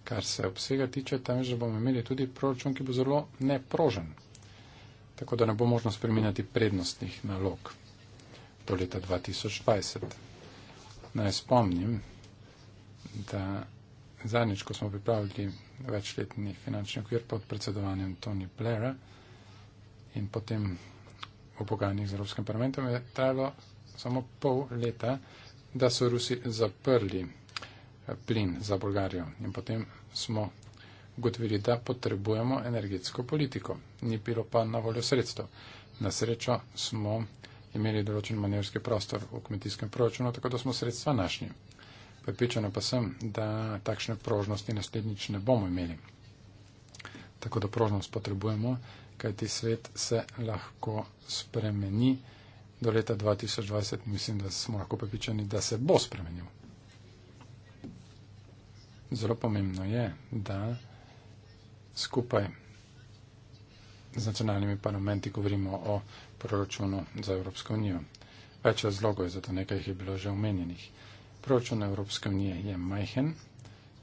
kar se obsega tiče, temveč da bomo imeli tudi proračun, ki bo zelo neprožen. Tako da ne bo možno spreminjati prednostnih nalog do leta 2020. Naj spomnim, da zadnjič, ko smo pripravili večletni finančni okvir pod predsedovanjem Tony Blaira in potem v pogajanjih z Evropskim parlamentom, je trajalo samo pol leta, da so Rusi zaprli plin za Bolgarijo. In potem smo ugotovili, da potrebujemo energetsko politiko. Ni bilo pa na voljo sredstev. Na srečo smo imeli določen manevrski prostor v kmetijskem proračunu, tako da smo sredstva našli. Pripričano pa sem, da takšne prožnosti naslednjič ne bomo imeli. Tako da prožnost potrebujemo, kajti svet se lahko spremeni do leta 2020. Mislim, da smo lahko pripričani, da se bo spremenil zelo pomembno je, da skupaj z nacionalnimi parlamenti govorimo o proračunu za Evropsko unijo. Več razlogov je za to, nekaj jih je bilo že omenjenih. Proračun Evropske unije je majhen,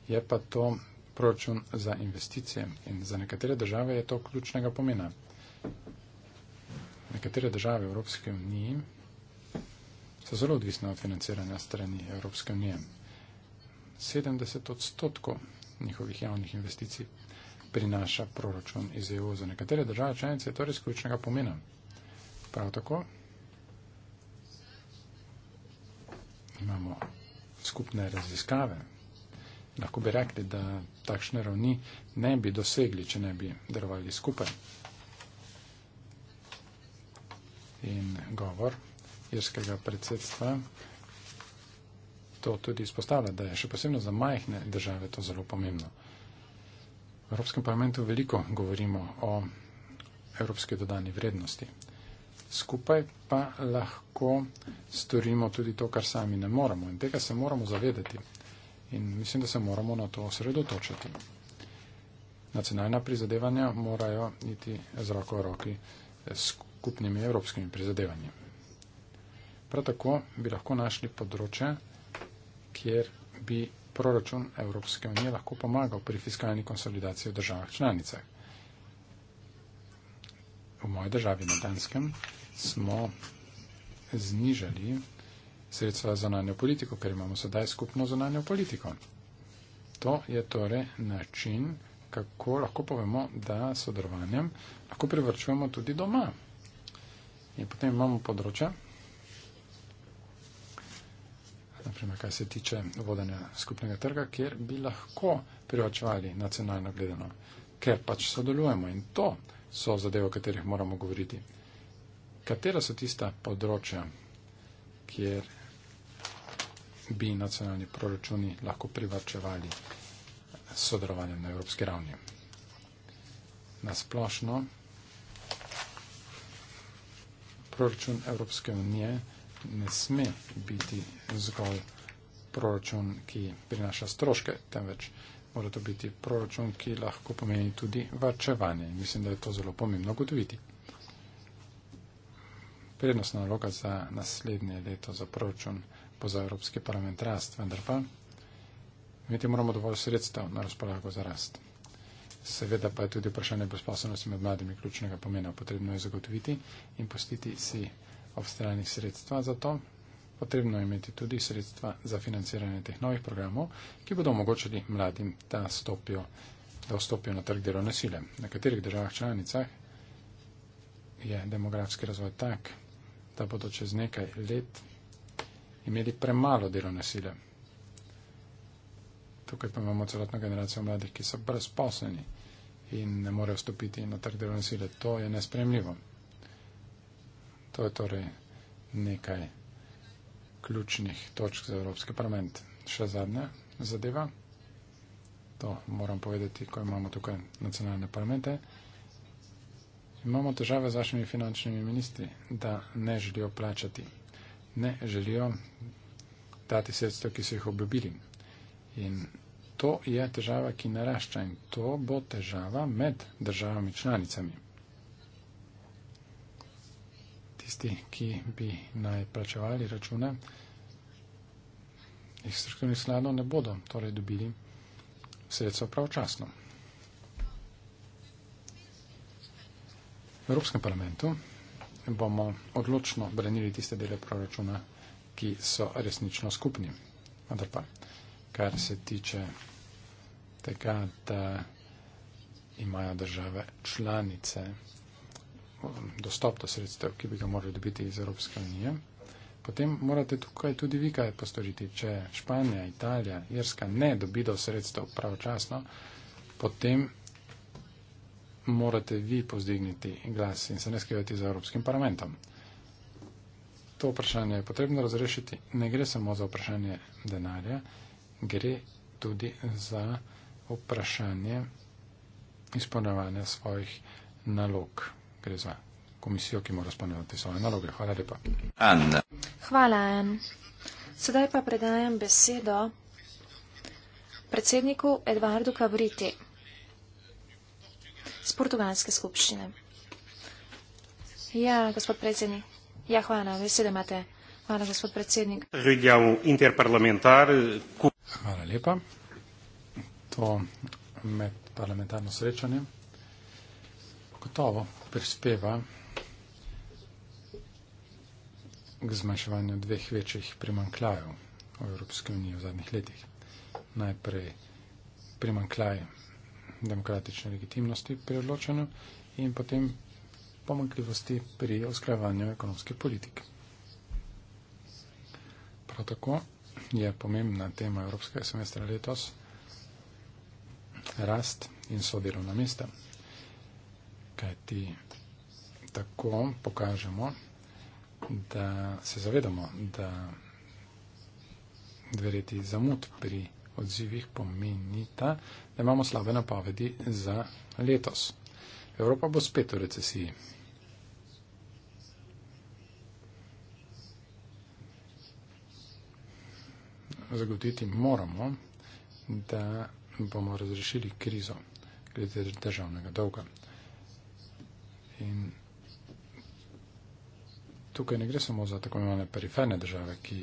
je pa to proračun za investicije in za nekatere države je to ključnega pomena. Nekatere države Evropske unije so zelo odvisne od financiranja strani Evropske unije. 70 odstotkov njihovih javnih investicij prinaša proračun iz EU. Za nekatere države članice je to res ključnega pomena. Prav tako imamo skupne raziskave. Lahko bi rekli, da takšne ravni ne bi dosegli, če ne bi delovali skupaj. In govor irskega predsedstva to tudi izpostavlja, da je še posebno za majhne države to zelo pomembno. V Evropskem parlamentu veliko govorimo o evropske dodani vrednosti. Skupaj pa lahko storimo tudi to, kar sami ne moremo in tega se moramo zavedati. In mislim, da se moramo na to osredotočiti. Nacionalna prizadevanja morajo iti z roko v roki s skupnimi evropskimi prizadevanji. Prav tako bi lahko našli področje, kjer bi proračun Evropske unije lahko pomagal pri fiskalni konsolidaciji v državah članicah. V moji državi na Danskem smo znižali sredstva za zonanjo politiko, ker imamo sedaj skupno zonanjo politiko. To je torej način, kako lahko povemo, da sodelovanjem lahko privrčujemo tudi doma. In potem imamo področja, naprimer, kaj se tiče vodanja skupnega trga, kjer bi lahko privačevali nacionalno gledano, ker pač sodelujemo in to so zadeve, o katerih moramo govoriti. Katera so tista področja, kjer bi nacionalni proračuni lahko privačevali sodelovanje na evropski ravni? Nasplošno, proračun Evropske unije, ne sme biti zgolj proračun, ki prinaša stroške, temveč mora to biti proračun, ki lahko pomeni tudi vrčevanje. Mislim, da je to zelo pomembno ugotoviti. Prednostna naloga za naslednje leto za proračun bo za Evropski parlament rast, vendar pa imeti moramo dovolj sredstev na razpolago za rast. Seveda pa je tudi vprašanje brezposobnosti med mladimi ključnega pomena. Potrebno je zagotoviti in postiti si ob strani sredstva za to. Potrebno je imeti tudi sredstva za financiranje teh novih programov, ki bodo omogočili mladim, da, stopijo, da vstopijo na trg delovne sile. Na katerih državah članicah je demografski razvoj tak, da bodo čez nekaj let imeli premalo delovne sile. Tukaj pa imamo celotno generacijo mladih, ki so brezposleni in ne morejo vstopiti na trg delovne sile. To je nespremljivo. To je torej nekaj ključnih točk za Evropski parlament. Še zadnja zadeva, to moram povedati, ko imamo tukaj nacionalne parlamente. Imamo težave z vašimi finančnimi ministri, da ne želijo plačati, ne želijo dati sredstva, ki so jih obljubili. In to je težava, ki narašča in to bo težava med državami članicami tisti, ki bi najplačevali račune, jih strukturni skladov ne bodo torej dobili sredstva pravočasno. V Evropskem parlamentu bomo odločno branili tiste dele proračuna, ki so resnično skupni. Vendar pa, kar se tiče tega, da imajo države članice Um, dostop do sredstev, ki bi ga morali dobiti iz Evropske unije, potem morate tukaj tudi vi kaj postoriti. Če Španija, Italija, Irska ne dobido sredstev pravočasno, potem morate vi pozdigniti glas in se ne skrivati za Evropskim parlamentom. To vprašanje je potrebno razrešiti. Ne gre samo za vprašanje denarja, gre tudi za vprašanje izpolnjevanja svojih nalog gre za komisijo, ki mora spomenuti svoje naloge. Hvala lepa. Anna. Hvala. Sedaj pa predajam besedo predsedniku Eduardu Cavriti z portugalske skupščine. Ja, gospod predsednik. Ja, hvala. Besede imate. Hvala, gospod predsednik. Hvala lepa. To med parlamentarno srečanje. Gotovo, prispeva k zmanjševanju dveh večjih primankljajev v Evropski uniji v zadnjih letih. Najprej primankljaj demokratične legitimnosti pri odločanju in potem pomankljivosti pri usklajevanju ekonomske politike. Prav tako je pomembna tema evropskega semestra letos rast in sodelovna mesta. Kajti tako pokažemo, da se zavedamo, da dve leti zamud pri odzivih pomenita, da imamo slabe napovedi za letos. Evropa bo spet v recesiji. Zagotoviti moramo, da bomo razrešili krizo glede državnega dolga. In tukaj ne gre samo za tako imenovane periferne države, ki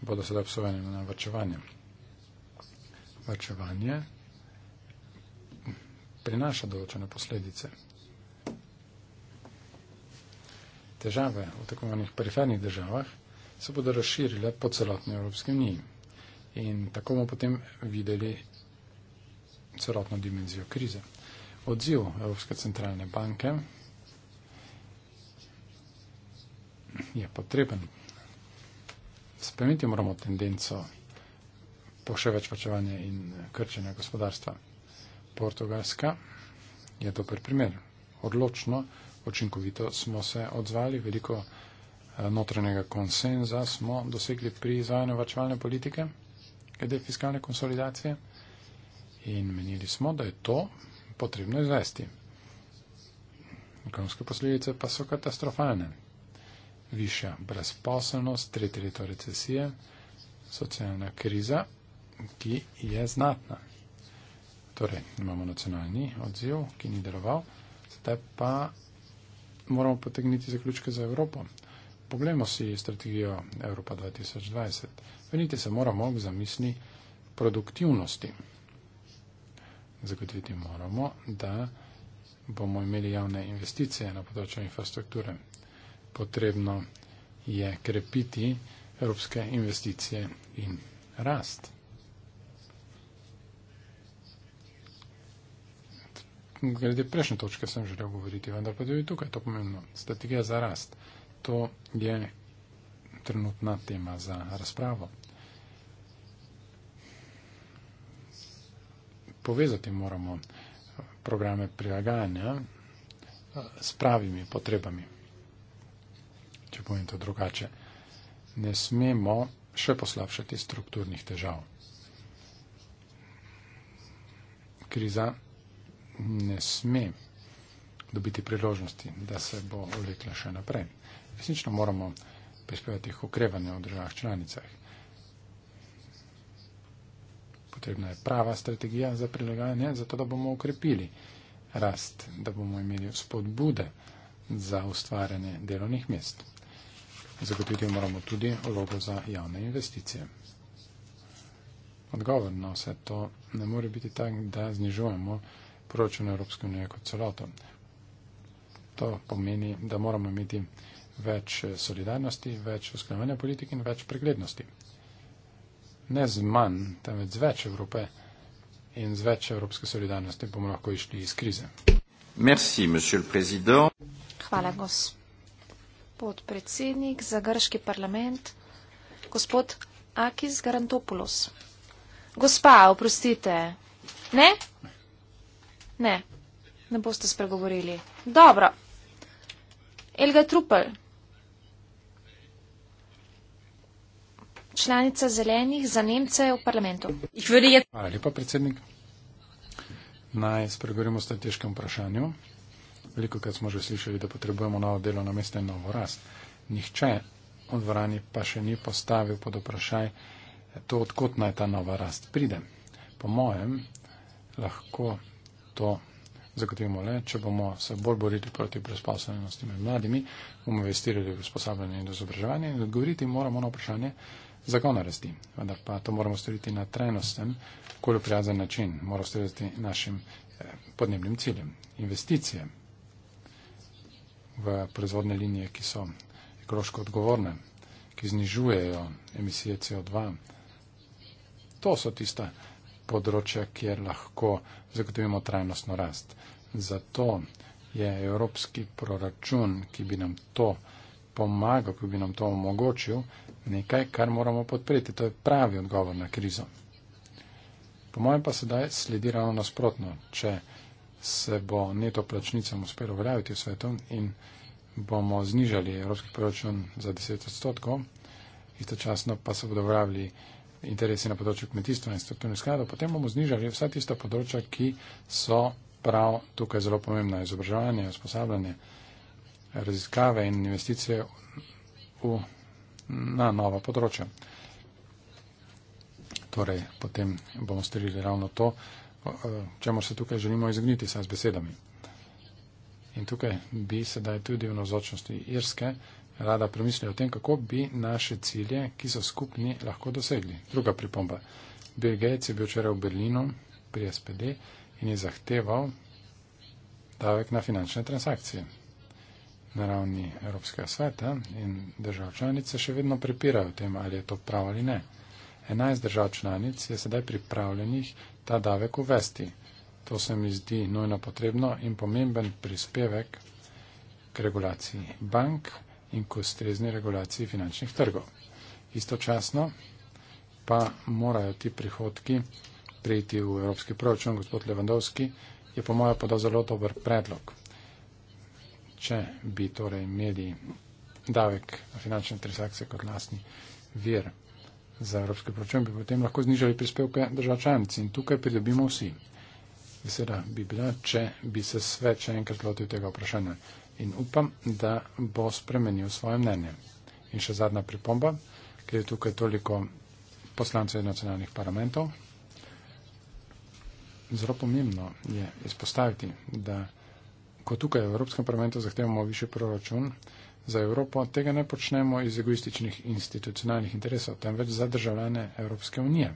bodo sedaj obsojene na vrčevanje. Vrčevanje prinaša določene posledice. Težave v tako imenovanih perifernih državah se bodo razširile po celotni Evropski uniji. In tako bomo potem videli celotno dimenzijo krize odziv Evropske centralne banke je potreben. Spremeniti moramo tendenco po še več plačevanja in krčenja gospodarstva. Portugalska je dober primer. Odločno, očinkovito smo se odzvali, veliko eh, notranjega konsenza smo dosegli pri izvajanju vačevalne politike glede fiskalne konsolidacije in menili smo, da je to potrebno izvesti. Ekonomske posledice pa so katastrofalne. Višja brezposelnost, tretje leto recesije, socialna kriza, ki je znatna. Torej, imamo nacionalni odziv, ki ni deloval, zdaj pa moramo potegniti zaključke za Evropo. Poglejmo si strategijo Evropa 2020. Vrniti se moramo k zamisli produktivnosti zagotoviti moramo, da bomo imeli javne investicije na področju infrastrukture. Potrebno je krepiti evropske investicije in rast. Glede prejšnje točke sem želel govoriti, vendar pa tudi tukaj je to pomembno. Strategija za rast. To je trenutna tema za razpravo. povezati moramo eh, programe prilagajanja eh, s pravimi potrebami. Če povem to drugače, ne smemo še poslabšati strukturnih težav. Kriza ne sme dobiti priložnosti, da se bo vlekla še naprej. Resnično moramo prispevati k okrevanju v državah članicah potrebna je prava strategija za prilagajanje, zato da bomo ukrepili rast, da bomo imeli spodbude za ustvarjanje delovnih mest. Zagotoviti moramo tudi vlogo za javne investicije. Odgovor na vse to ne more biti tak, da znižujemo proračun Evropske unije kot celoto. To pomeni, da moramo imeti več solidarnosti, več usklajevanja politik in več preglednosti ne z manj, temveč z več Evrope in z več evropske solidarnosti bomo lahko išli iz krize. Merci, Hvala, gospod predsednik za grški parlament, gospod Akis Garantopoulos. Gospa, oprostite, ne? Ne, ne boste spregovorili. Dobro. Elga Trupel. članica zelenih za Nemce v parlamentu. Hvala lepa, predsednik. Naj spregovorimo o strateškem vprašanju. Veliko krat smo že slišali, da potrebujemo novo delo na mesto in novo rast. Nihče od vrani pa še ni postavil pod vprašaj to, odkot naj ta nova rast pride. Po mojem lahko to zagotovimo le, če bomo se bolj borili proti brezposobnosti med mladimi, bomo investirali v usposabljanje in izobraževanje in odgovoriti moramo na vprašanje, zagona rasti. Vendar pa to moramo storiti na trajnosten, okolju prijazen način. Moramo storiti našim eh, podnebnim ciljem. Investicije v proizvodne linije, ki so ekološko odgovorne, ki znižujejo emisije CO2. To so tista področja, kjer lahko zagotovimo trajnostno rast. Zato je evropski proračun, ki bi nam to pomagal, ki bi nam to omogočil, nekaj, kar moramo podpreti. To je pravi odgovor na krizo. Po mojem pa sedaj sledi ravno nasprotno. Če se bo neto plačnicam uspelo uveljaviti v svetu in bomo znižali evropski proračun za 10 odstotkov, istočasno pa se bodo uveljavili interesi na področju kmetijstva in strukturnih skladov, potem bomo znižali vsa tista področja, ki so prav tukaj zelo pomembna. Izobraževanje, usposabljanje, raziskave in investicije v na nova področja. Torej, potem bomo strili ravno to, čemu se tukaj želimo izogniti, saj z besedami. In tukaj bi sedaj tudi v navzočnosti Irske rada premislila o tem, kako bi naše cilje, ki so skupni, lahko dosegli. Druga pripomba. Bill Gates je bil včeraj v Berlinu pri SPD in je zahteval davek na finančne transakcije na ravni Evropskega sveta in držav članic se še vedno prepirajo o tem, ali je to prav ali ne. 11 držav članic je sedaj pripravljenih ta davek uvesti. To se mi zdi nujno potrebno in pomemben prispevek k regulaciji bank in k ustrezni regulaciji finančnih trgov. Istočasno pa morajo ti prihodki prijeti v Evropski proračun, gospod Levandovski, je po mojem podal zelo dober predlog če bi torej imeli davek na finančne transakcije kot lastni vir za evropski proračun, bi potem lahko znižali prispevke držav članici in tukaj pridobimo vsi. Veseda bi bila, če bi se svet še enkrat lotil tega vprašanja in upam, da bo spremenil svoje mnenje. In še zadnja pripomba, ker je tukaj toliko poslancev nacionalnih parlamentov. Zelo pomembno je izpostaviti, da ko tukaj v Evropskem parlamentu zahtevamo više proračun za Evropo, tega ne počnemo iz egoističnih institucionalnih interesov, temveč za državljane Evropske unije.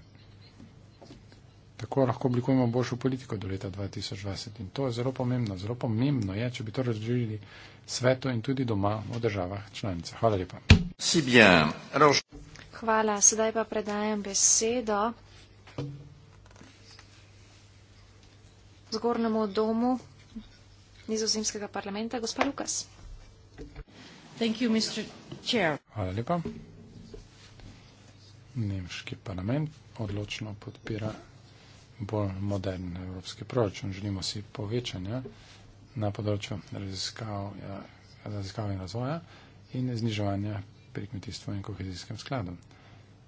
Tako lahko oblikujemo boljšo politiko do leta 2020 in to je zelo pomembno. Zelo pomembno je, če bi to razložili svetu in tudi doma v državah članicah. Hvala lepa. Hvala, sedaj pa predajam besedo zgornjemu domu nizozemskega parlamenta, gospa Lukas. Hvala lepa. Nemški parlament odločno podpira bolj moderni evropski proračun. Želimo si povečanja na področju ja, raziskav in razvoja in zniževanja pri kmetijstvu in kohezijskem skladu.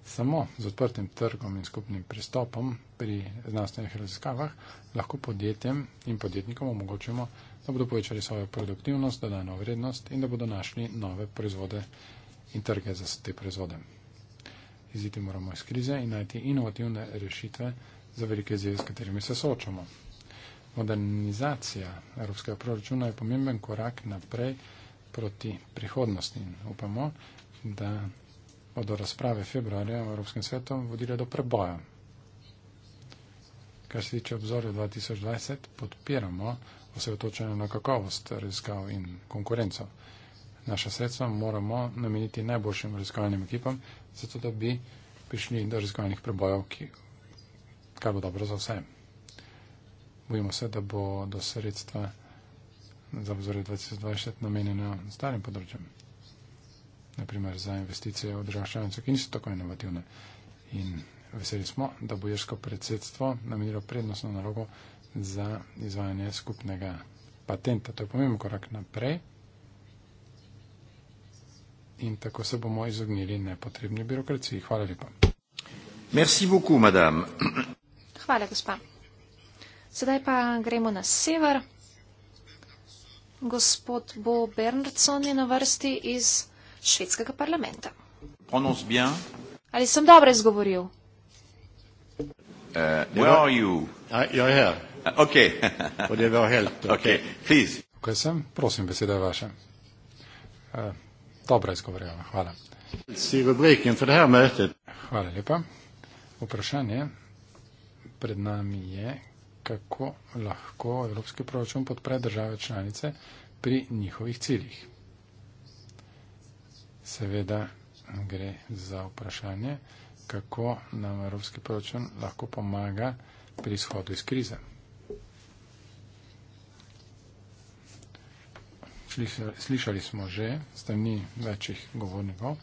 Samo z odprtim trgom in skupnim pristopom pri znanstvenih raziskavah lahko podjetjem in podjetnikom omogočimo da bodo povečali svojo produktivnost, dodano vrednost in da bodo našli nove proizvode in trge za te proizvode. Iziti moramo iz krize in najti inovativne rešitve za velike zile, s katerimi se soočamo. Modernizacija evropskega proračuna je pomemben korak naprej proti prihodnosti in upamo, da bodo razprave februarja v Evropskem svetu vodile do preboja. Kar se tiče obzorja 2020, podpiramo osredotočeno na kakovost raziskav in konkurenco. Naša sredstva moramo nameniti najboljšim raziskovalnim ekipam, zato da bi prišli do raziskovalnih prebojev, ki, kar bo dobro za vse. Bojimo se, da bo do sredstva za obzore 2020 namenjena starim področjem. Naprimer za investicije v državah članicah, ki niso tako inovativne. In veseli smo, da bo jersko predsedstvo namenilo prednostno nalogo na za izvajanje skupnega patenta. To je pomemben korak naprej. In tako se bomo izognili nepotrebni birokraciji. Hvala lepa. Merci beaucoup, madame. Hvala, gospa. Sedaj pa gremo na sever. Gospod Bo Bernardson je na vrsti iz švedskega parlamenta. Ali sem dobro izgovoril? Uh, where are you? I, you're here. Ok. Od je bil help. Ok, please. Tukaj sem, prosim, beseda je vaša. Eh, Dobro je izgovorjala, hvala. Hvala lepa. Vprašanje pred nami je, kako lahko evropski proračun podpre države članice pri njihovih ciljih. Seveda gre za vprašanje, kako nam evropski proračun lahko pomaga pri izhodu iz krize. slišali smo že, strani večjih govornikov,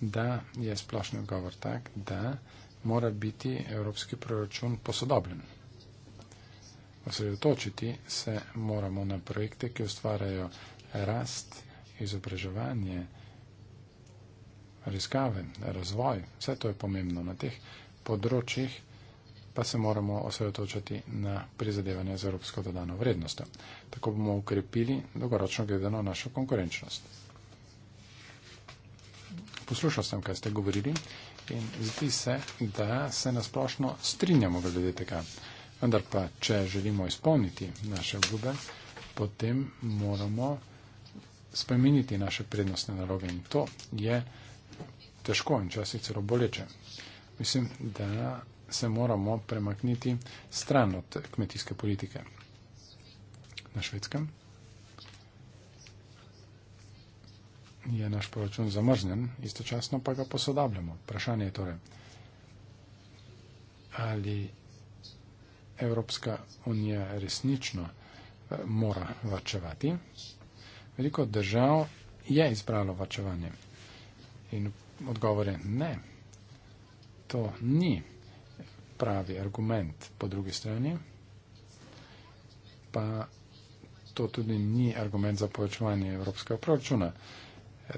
da je splošni odgovor tak, da mora biti evropski proračun posodobljen. Osredotočiti se moramo na projekte, ki ustvarjajo rast, izobraževanje, raziskave, razvoj. Vse to je pomembno na teh področjih, pa se moramo osredotočati na prizadevanje z evropsko dodano vrednostjo. Tako bomo ukrepili dolgoročno gledano našo konkurenčnost. Poslušal sem, kaj ste govorili in zdi se, da se nasplošno strinjamo glede tega. Vendar pa, če želimo izpolniti naše obljube, potem moramo spremeniti naše prednostne naloge in to je težko in včasih celo boleče. Mislim, da se moramo premakniti stran od kmetijske politike. Na švedskem je naš proračun zamrznjen, istočasno pa ga posodabljamo. Vprašanje je torej, ali Evropska unija resnično eh, mora vrčevati. Veliko držav je izbralo vrčevanje in odgovore ne. To ni pravi argument. Po drugi strani pa to tudi ni argument za povečevanje evropskega proračuna,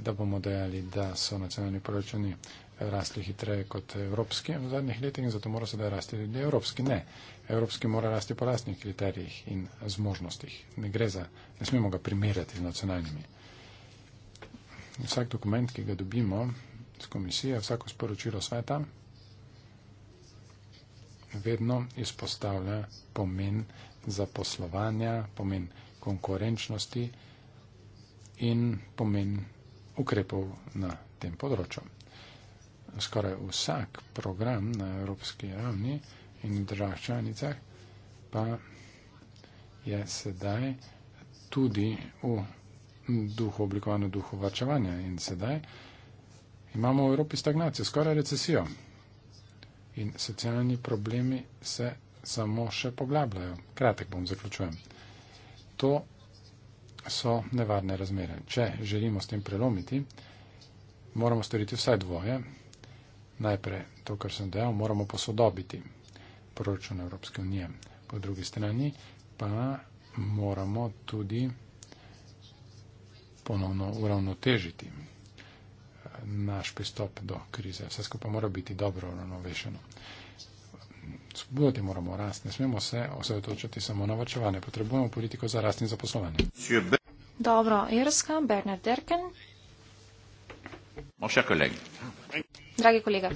da bomo dejali, da so nacionalni proračuni rasli hitreje kot evropski v zadnjih letih in zato mora sedaj rasti tudi evropski. Ne, evropski mora rasti po lastnih kriterijih in zmožnostih. Ne gre za, ne smemo ga primerjati z nacionalnimi. Vsak dokument, ki ga dobimo z komisije, vsako sporočilo sveta, vedno izpostavlja pomen zaposlovanja, pomen konkurenčnosti in pomen ukrepov na tem področju. Skoraj vsak program na evropski ravni in v državah članicah pa je sedaj tudi v duhu oblikovanja duhu varčevanja in sedaj imamo v Evropi stagnacijo, skoraj recesijo in socialni problemi se samo še poglabljajo. Kratek bom zaključujem. To so nevarne razmere. Če želimo s tem prelomiti, moramo storiti vsaj dvoje. Najprej to, kar sem dejal, moramo posodobiti proračun Evropske unije. Po drugi strani pa moramo tudi ponovno uravnotežiti naš pristop do krize. Vse skupaj mora biti dobro uravnovešeno. Spodbujati moramo rast, ne smemo se osredotočiti samo na vrčevanje. Potrebujemo politiko za rast in zaposlovanje. Dobro, Irska, Bernard Derken. Moša kolega. Dragi kolega.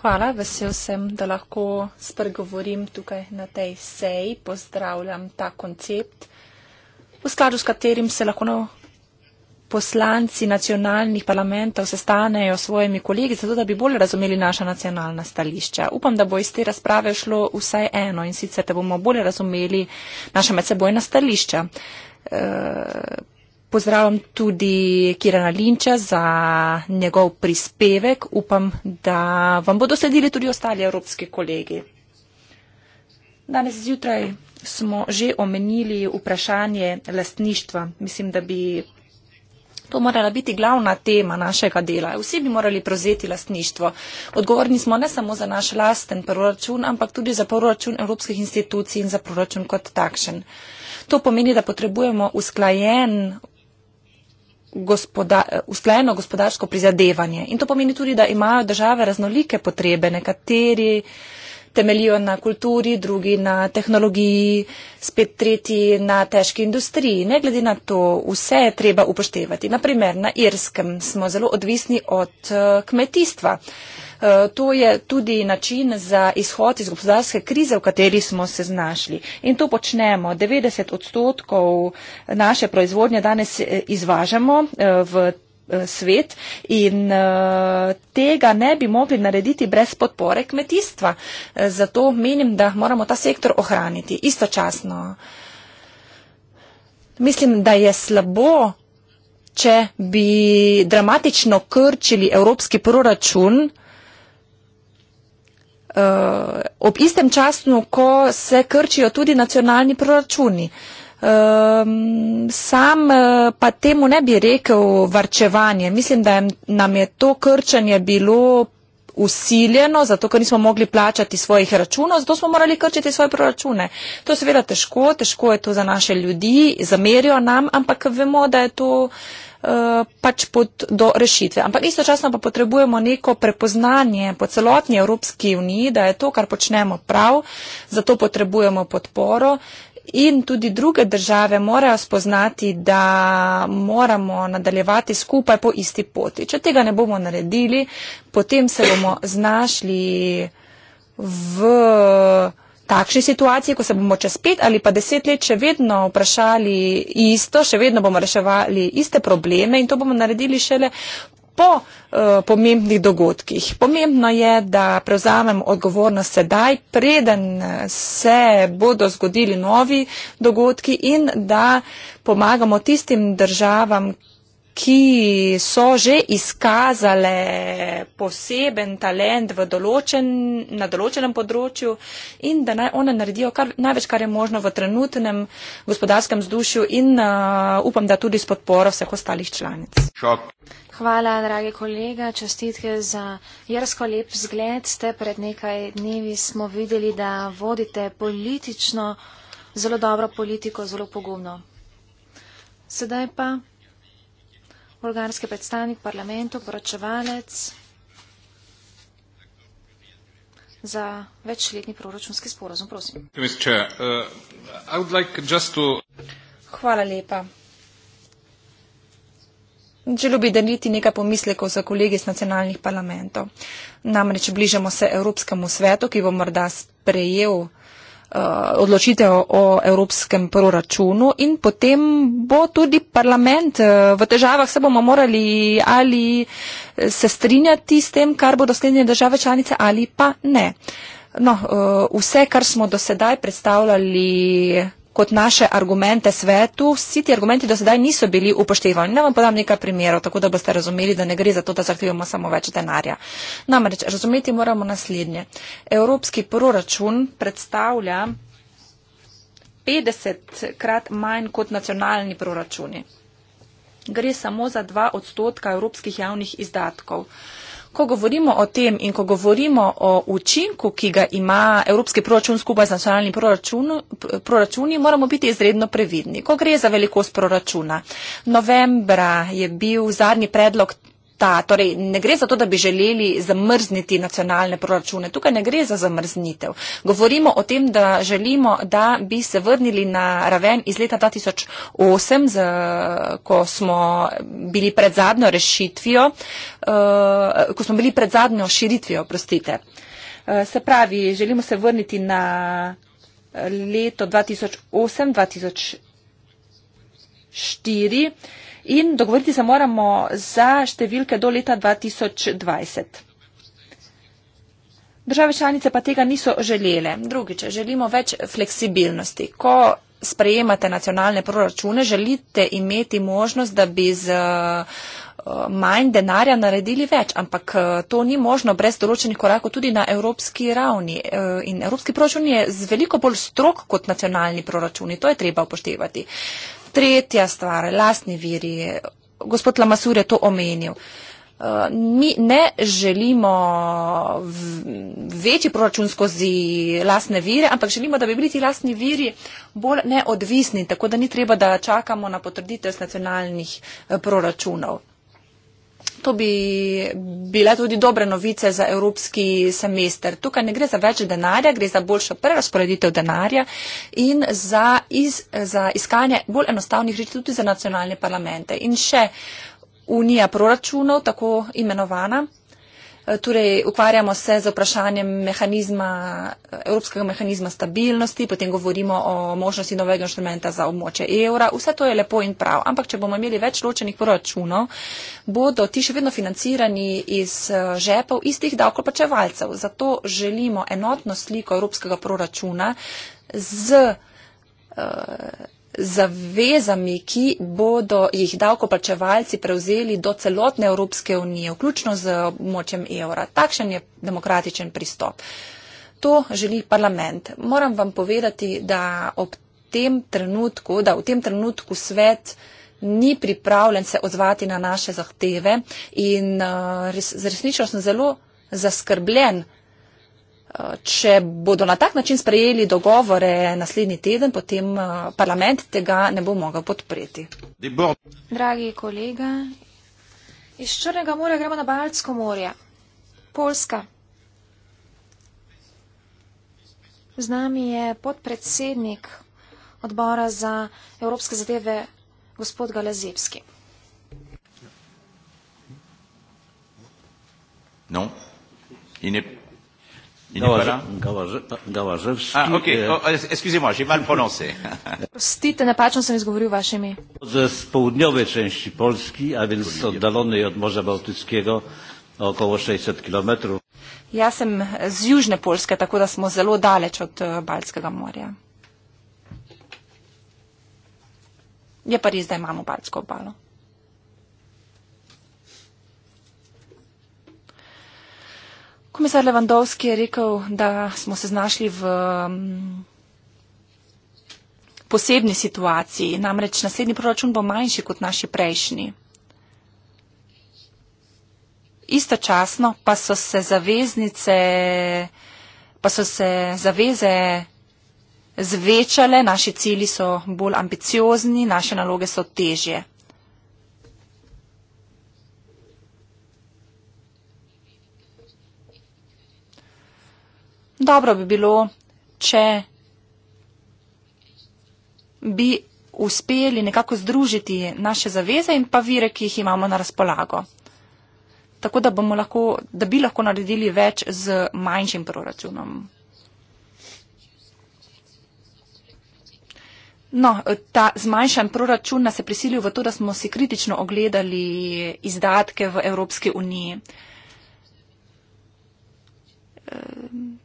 Hvala, vesel sem, da lahko spregovorim tukaj na tej seji. Pozdravljam ta koncept, v skladu s katerim se lahko poslanci nacionalnih parlamentov sestanejo s svojimi kolegi, zato da bi bolj razumeli naša nacionalna stališča. Upam, da bo iz te razprave šlo vsaj eno in sicer, da bomo bolj razumeli naša medsebojna stališča. E, pozdravljam tudi Kirana Linča za njegov prispevek. Upam, da vam bodo sledili tudi ostali evropski kolegi. Danes zjutraj smo že omenili vprašanje lastništva. Mislim, da bi To morala biti glavna tema našega dela. Vsi bi morali prevzeti lastništvo. Odgovorni smo ne samo za naš lasten proračun, ampak tudi za proračun evropskih institucij in za proračun kot takšen. To pomeni, da potrebujemo usklajen. Gospoda, usklajeno gospodarsko prizadevanje. In to pomeni tudi, da imajo države raznolike potrebe, nekateri temeljijo na kulturi, drugi na tehnologiji, spet tretji na težki industriji. Ne glede na to, vse je treba upoštevati. Naprimer, na Irskem smo zelo odvisni od eh, kmetijstva. Eh, to je tudi način za izhod iz gospodarske krize, v kateri smo se znašli. In to počnemo. 90 odstotkov naše proizvodnje danes eh, izvažamo v Eh, svet in eh, tega ne bi mogli narediti brez podpore kmetijstva. Eh, zato menim, da moramo ta sektor ohraniti istočasno. Mislim, da je slabo, če bi dramatično krčili evropski proračun ob istem času, ko se krčijo tudi nacionalni proračuni. Um, sam eh, pa temu ne bi rekel varčevanje. Mislim, da je, nam je to krčanje bilo usiljeno, zato ker nismo mogli plačati svojih računov, zato smo morali krčiti svoje proračune. To je seveda težko, težko je to za naše ljudi, zamerijo nam, ampak vemo, da je to eh, pač pot do rešitve. Ampak istočasno pa potrebujemo neko prepoznanje po celotni Evropski uniji, da je to, kar počnemo prav, zato potrebujemo podporo in tudi druge države morajo spoznati, da moramo nadaljevati skupaj po isti poti. Če tega ne bomo naredili, potem se bomo znašli v takšni situaciji, ko se bomo čez pet ali pa deset let še vedno vprašali isto, še vedno bomo reševali iste probleme in to bomo naredili šele po uh, pomembnih dogodkih. Pomembno je, da prevzamemo odgovornost sedaj, preden eh, se bodo zgodili novi dogodki in da pomagamo tistim državam, ki so že izkazale poseben talent določen, na določenem področju in da naj one naredijo kar, največ, kar je možno v trenutnem gospodarskem vzdušju in uh, upam, da tudi s podporo vseh ostalih članic. Šok. Hvala, dragi kolega, čestitke za jersko lep zgled. Ste pred nekaj dnevi smo videli, da vodite politično, zelo dobro politiko, zelo pogumno. Sedaj pa bolgarski predstavnik parlamentu, poročevalec za večletni proračunski sporozum. Prosim. Uh, Hvala lepa. Želel bi deliti nekaj pomislekov za kolege iz nacionalnih parlamentov. Namreč bližamo se Evropskemu svetu, ki bo morda sprejel Eh, odločitev o evropskem proračunu in potem bo tudi parlament eh, v težavah, se bomo morali ali eh, se strinjati s tem, kar bodo slednje države članice ali pa ne. No, vse, kar smo do sedaj predstavljali kot naše argumente svetu, vsi ti argumenti do sedaj niso bili upoštevani. Ne vam podam nekaj primerov, tako da boste razumeli, da ne gre za to, da zahtevamo samo več denarja. Namreč, razumeti moramo naslednje. Evropski proračun predstavlja 50 krat manj kot nacionalni proračuni. Gre samo za 2 odstotka evropskih javnih izdatkov. Uh, ko govorimo o tem in ko govorimo o učinku, ki ga ima Evropski proračun skupaj z nacionalnimi proračuni, moramo biti izredno previdni, ko gre za velikost proračuna. Novembra je bil zadnji predlog ta. Torej, ne gre za to, da bi želeli zamrzniti nacionalne proračune. Tukaj ne gre za zamrznitev. Govorimo o tem, da želimo, da bi se vrnili na raven iz leta 2008, z, ko smo bili pred zadnjo rešitvijo, eh, ko smo bili pred zadnjo širitvijo, prostite. Eh, se pravi, želimo se vrniti na leto 2008-2004 in dogovoriti se moramo za številke do leta 2020. Države članice pa tega niso želele. Drugič, želimo več fleksibilnosti. Ko sprejemate nacionalne proračune, želite imeti možnost, da bi z eh, manj denarja naredili več, ampak eh, to ni možno brez določenih korakov tudi na evropski ravni. Eh, in evropski proračun je z veliko bolj strok kot nacionalni proračuni. To je treba upoštevati. Tretja stvar, lastni viri. Gospod Lamasur je to omenil. Uh, mi ne želimo večji proračun skozi lastne vire, ampak želimo, da bi bili ti lastni viri bolj neodvisni, tako da ni treba, da čakamo na potrditev nacionalnih eh, proračunov. To bi bile tudi dobre novice za evropski semester. Tukaj ne gre za več denarja, gre za boljšo prerasporeditev denarja in za, iz, za iskanje bolj enostavnih rešitev tudi za nacionalne parlamente. In še unija proračunov, tako imenovana. Eh, torej, ukvarjamo se z vprašanjem mehanizma, eh, evropskega mehanizma stabilnosti, potem govorimo o možnosti novega inštrumenta za območje evra. Vse to je lepo in prav, ampak če bomo imeli več ločenih proračunov, bodo ti še vedno financirani iz eh, žepov istih davkoplačevalcev. Zato želimo enotno sliko evropskega proračuna z. Uh, zavezami, ki bodo jih davkoplačevalci prevzeli do celotne Evropske unije, vključno z močem evra. Takšen je demokratičen pristop. To želi parlament. Moram vam povedati, da, tem trenutku, da v tem trenutku svet ni pripravljen se odzvati na naše zahteve in eh, res, resnično sem zelo zaskrbljen Če bodo na tak način sprejeli dogovore naslednji teden, potem eh, parlament tega ne bo mogel podpreti. Dragi kolega, iz Črnega morja gremo na Baltsko morje. Polska. Z nami je podpredsednik odbora za evropske zadeve, gospod Galezepski. No. Gavaževski. Ah, okay. E, excusez-moi, j'ai mal prononcé. Stite, napačno sem izgovoril vaše ime. Ze spodnjovej časti Polski, a więc oddalonej od Morza Bałtyckiego, okolo 600 km. Ja sem z južne Polske, tako da smo zelo daleč od e, Baltskega morja. Je pa res, da imamo Baltsko obalo. Komisar Levandovski je rekel, da smo se znašli v mm, posebni situaciji, namreč naslednji proračun bo manjši kot naši prejšnji. Istočasno pa so se zaveznice, pa so se zaveze zvečale, naši cili so bolj ambiciozni, naše naloge so težje. dobro bi bilo, če bi uspeli nekako združiti naše zaveze in pa vire, ki jih imamo na razpolago. Tako da, lahko, da bi lahko naredili več z manjšim proračunom. No, ta zmanjšan proračun nas je prisilil v to, da smo si kritično ogledali izdatke v Evropski uniji. Ehm,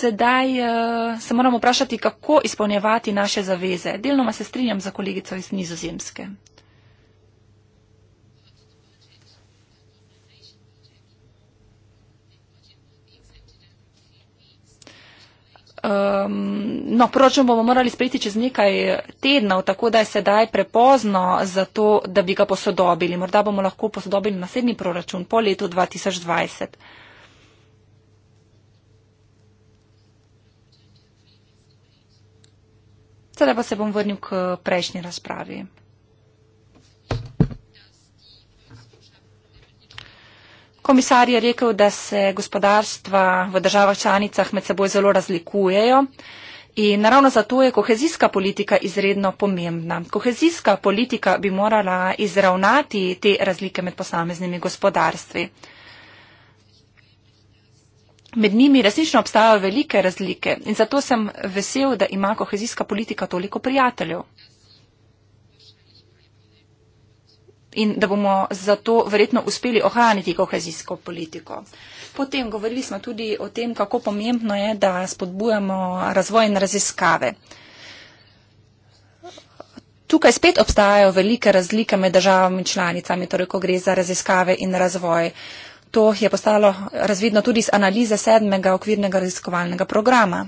Sedaj uh, se moramo vprašati, kako izpolnjevati naše zaveze. Delnoma se strinjam za kolegico iz Nizozemske. Um, no, proračun bomo morali sprejeti čez nekaj tednov, tako da je sedaj prepozno za to, da bi ga posodobili. Morda bomo lahko posodobili naslednji proračun po letu 2020. Zdaj pa se bom vrnil k prejšnji razpravi. Komisar je rekel, da se gospodarstva v državah članicah med seboj zelo razlikujejo in ravno zato je kohezijska politika izredno pomembna. Kohezijska politika bi morala izravnati te razlike med posameznimi gospodarstvi med njimi resnično obstajajo velike razlike in zato sem vesel, da ima kohezijska politika toliko prijateljev. In da bomo zato verjetno uspeli ohraniti kohezijsko politiko. Potem govorili smo tudi o tem, kako pomembno je, da spodbujamo razvoj in raziskave. Tukaj spet obstajajo velike razlike med državami in članicami, torej ko gre za raziskave in razvoj. Uh, To je postalo razvidno tudi iz analize sedmega okvirnega raziskovalnega programa.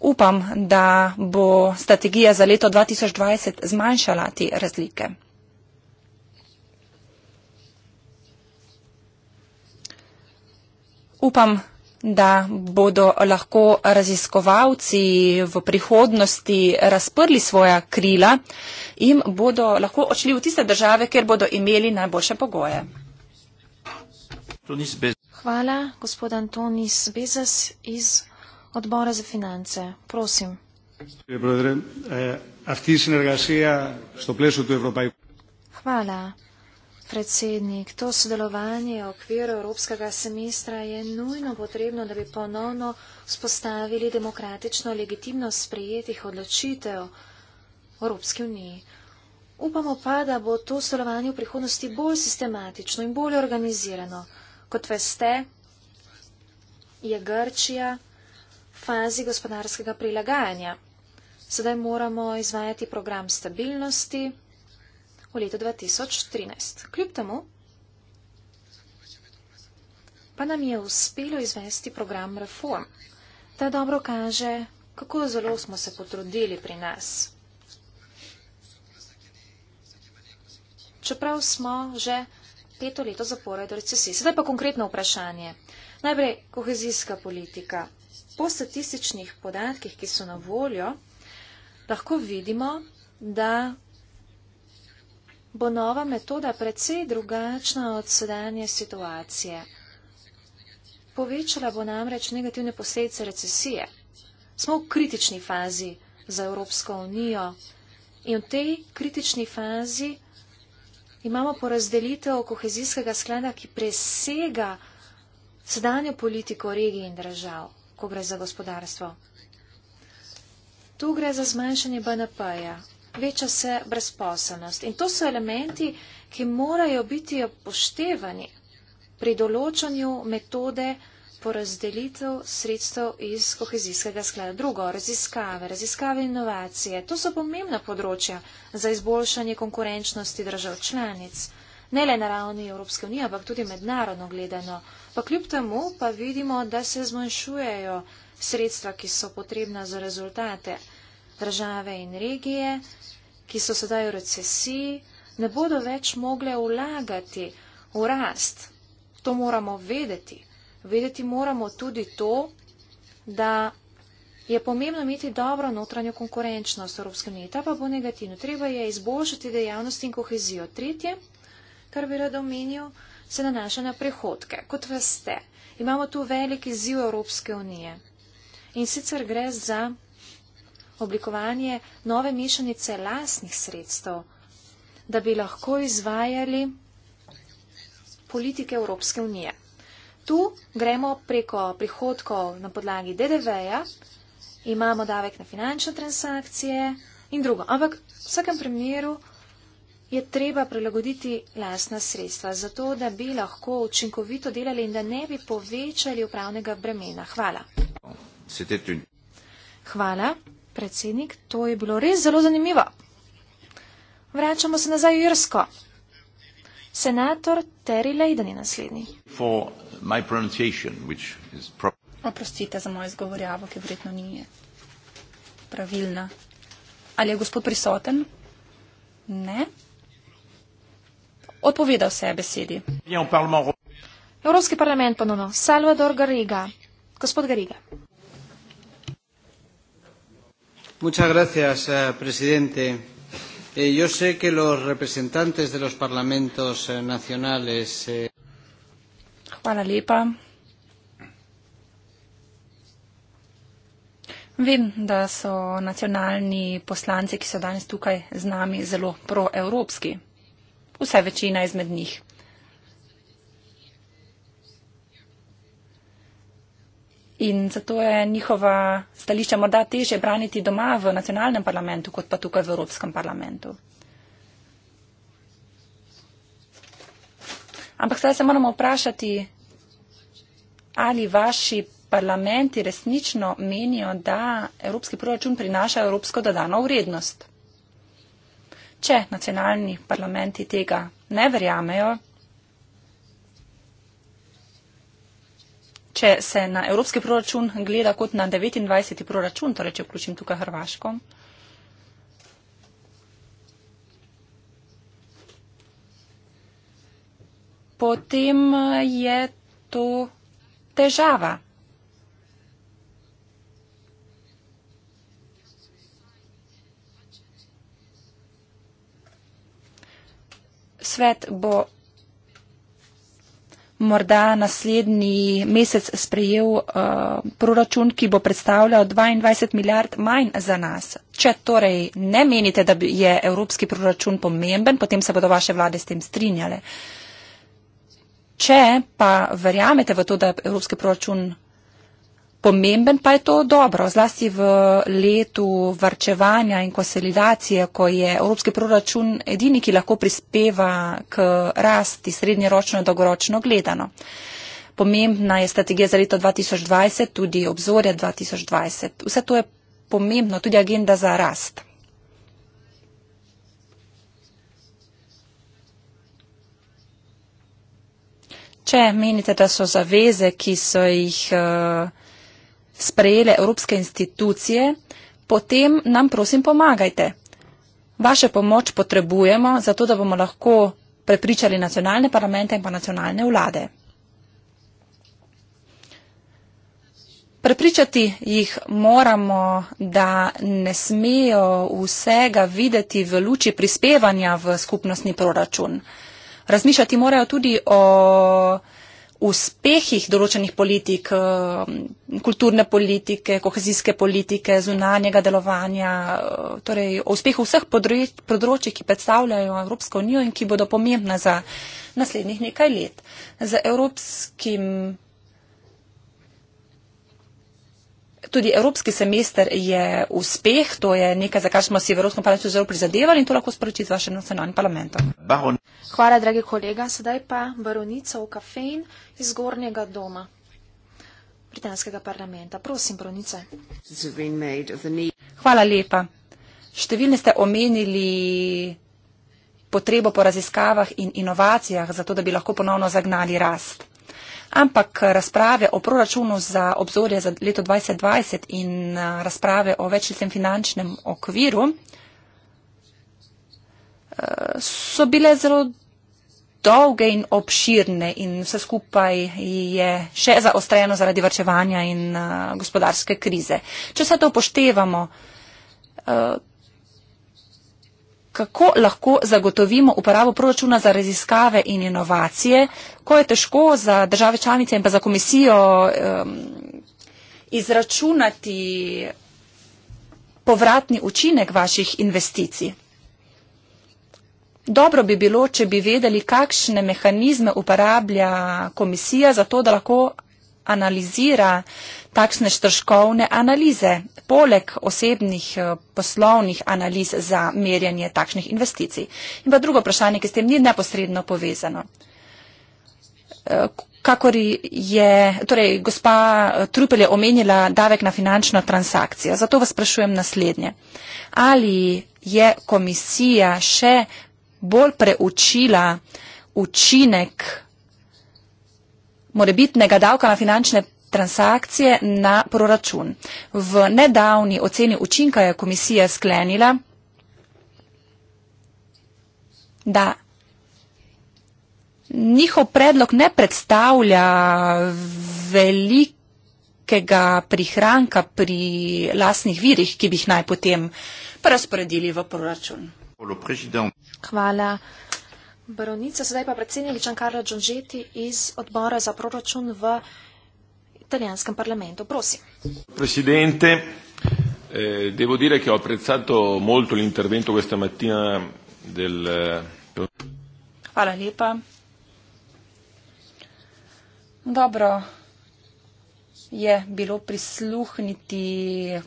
Upam, da bo strategija za leto 2020 zmanjšala te razlike. Upam, da bodo lahko raziskovalci v prihodnosti razprli svoja krila in bodo lahko odšli v tiste države, kjer bodo imeli najboljše pogoje. Hvala, gospod Antonis Bezas iz odbora za finance. Prosim. Eh, Hvala, predsednik. To sodelovanje v okviru Evropskega semestra je nujno potrebno, da bi ponovno spostavili demokratično legitimnost sprejetih odločitev v Evropski uniji. Upamo pa, da bo to sodelovanje v prihodnosti bolj sistematično in bolj organizirano. Kot veste, je Grčija v fazi gospodarskega prilagajanja. Sedaj moramo izvajati program stabilnosti v letu 2013. Kljub temu pa nam je uspelo izvesti program reform. Ta dobro kaže, kako zelo smo se potrudili pri nas. Čeprav smo že peto leto zapored v recesiji. Sedaj pa konkretno vprašanje. Najprej kohezijska politika. Po statističnih podatkih, ki so na voljo, lahko vidimo, da bo nova metoda precej drugačna od sedanje situacije. Povečala bo namreč negativne posledice recesije. Smo v kritični fazi za Evropsko unijo in v tej kritični fazi imamo porazdelitev kohezijskega sklada, ki presega sedanjo politiko regij in držav, ko gre za gospodarstvo. Tu gre za zmanjšanje BNP-ja, veča se brezposobnost in to so elementi, ki morajo biti upoštevani pri določanju metode porazdelitev sredstev iz kohezijskega sklada. Drugo, raziskave, raziskave in inovacije. To so pomembna področja za izboljšanje konkurenčnosti držav članic. Ne le na ravni Evropske unije, ampak tudi mednarodno gledano. Pa kljub temu pa vidimo, da se zmanjšujejo sredstva, ki so potrebna za rezultate države in regije, ki so sedaj v recesiji, ne bodo več mogle vlagati v rast. To moramo vedeti vedeti moramo tudi to, da je pomembno imeti dobro notranjo konkurenčnost Evropske unije. Ta pa bo negativno. Treba je izboljšati dejavnosti in kohezijo. Tretje, kar bi rad omenil, se nanaša na prihodke. Kot veste, imamo tu veliki ziv Evropske unije. In sicer gre za oblikovanje nove mešanice lasnih sredstev, da bi lahko izvajali politike Evropske unije tu gremo preko prihodkov na podlagi DDV-ja, imamo davek na finančne transakcije in drugo. Ampak v vsakem primeru je treba prilagoditi lasna sredstva, zato da bi lahko učinkovito delali in da ne bi povečali upravnega bremena. Hvala. Hvala, predsednik. To je bilo res zelo zanimivo. Vračamo se nazaj v Irsko. Senator Terry Leiden je naslednji. Oprostite za mojo izgovorjavo, ki vredno ni pravilna. Ali je gospod prisoten? Ne. Odpovedal se je besedi. Evropski parlament ponovno. Salvador Gariga. Gospod Gariga. Muchas gracias, eh, presidente. Eh, yo sé que los representantes de los parlamentos eh, nacionales. Eh, Hvala lepa. Vem, da so nacionalni poslanci, ki so danes tukaj z nami, zelo proevropski. Vse večina izmed njih. in zato je njihova stališča morda teže braniti doma v nacionalnem parlamentu, kot pa tukaj v Evropskem parlamentu. Ampak sedaj se moramo vprašati, ali vaši parlamenti resnično menijo, da evropski proračun prinaša evropsko dodano vrednost. Če nacionalni parlamenti tega ne verjamejo, če se na evropski proračun gleda kot na 29. proračun, torej če vključim tukaj Hrvaško. Potem eh, je to težava. Svet bo morda naslednji mesec sprejel uh, proračun, ki bo predstavljal 22 milijard manj za nas. Če torej ne menite, da je evropski proračun pomemben, potem se bodo vaše vlade s tem strinjale. Če pa verjamete v to, da je evropski proračun Pomemben pa je to dobro, zlasti v letu varčevanja in konsolidacije, ko je evropski proračun edini, ki lahko prispeva k rasti srednjeročno in dolgoročno gledano. Pomembna je strategija za leto 2020, tudi obzorje 2020. Vse to je pomembno, tudi agenda za rast. Če menite, da so zaveze, ki so jih. Uh, sprejele evropske institucije, potem nam prosim pomagajte. Vaše pomoč potrebujemo, zato da bomo lahko prepričali nacionalne parlamente in pa nacionalne vlade. Prepričati jih moramo, da ne smejo vsega videti v luči prispevanja v skupnostni proračun. Razmišljati morajo tudi o uspehih določenih politik, eh, kulturne politike, kohezijske politike, zunanjega delovanja, eh, torej o uspehu vseh področji, ki predstavljajo Evropsko unijo in ki bodo pomembna za naslednjih nekaj let. Za evropskim Tudi evropski semester je uspeh, to je nekaj, za kar smo si v Evropskem parlamentu zelo prizadevali in to lahko sporočite z vašim nacionalnim parlamentom. Baron. Hvala, dragi kolega. Sedaj pa baronica v kafein iz Gornjega doma britanskega parlamenta. Prosim, baronice. Hvala lepa. Številne ste omenili potrebo po raziskavah in inovacijah, zato da bi lahko ponovno zagnali rast ampak razprave o proračunu za obzorje za leto 2020 in eh, razprave o večletnem finančnem okviru eh, so bile zelo dolge in obširne in vse skupaj je še zaostrajeno zaradi vrčevanja in eh, gospodarske krize. Če vse to upoštevamo, kako lahko zagotovimo uporabo proračuna za raziskave in inovacije, ko je težko za države članice in pa za komisijo um, izračunati povratni učinek vaših investicij. Dobro bi bilo, če bi vedeli, kakšne mehanizme uporablja komisija za to, da lahko analizira takšne štrškovne analize, poleg osebnih eh, poslovnih analiz za merjanje takšnih investicij. In pa drugo vprašanje, ki s tem ni neposredno povezano. Eh, kakor je, torej, gospa eh, Trupel je omenila davek na finančno transakcijo, zato vas sprašujem naslednje. Ali je komisija še bolj preučila učinek morebitnega davka na finančne transakcije na proračun. V nedavni oceni učinka je komisija sklenila, da njihov predlog ne predstavlja velikega prihranka pri lasnih virih, ki bi jih naj potem razporedili v proračun. Hvala baronica, sedaj pa predsednik Giancarlo Giongetti iz odbora za proračun v italijanskem parlamentu. Prosim. Presidente, eh, devo dire che ho apprezzato molto l'intervento questa mattina del. Eh, Hvala lepa. Dobro, je bilo prisluhniti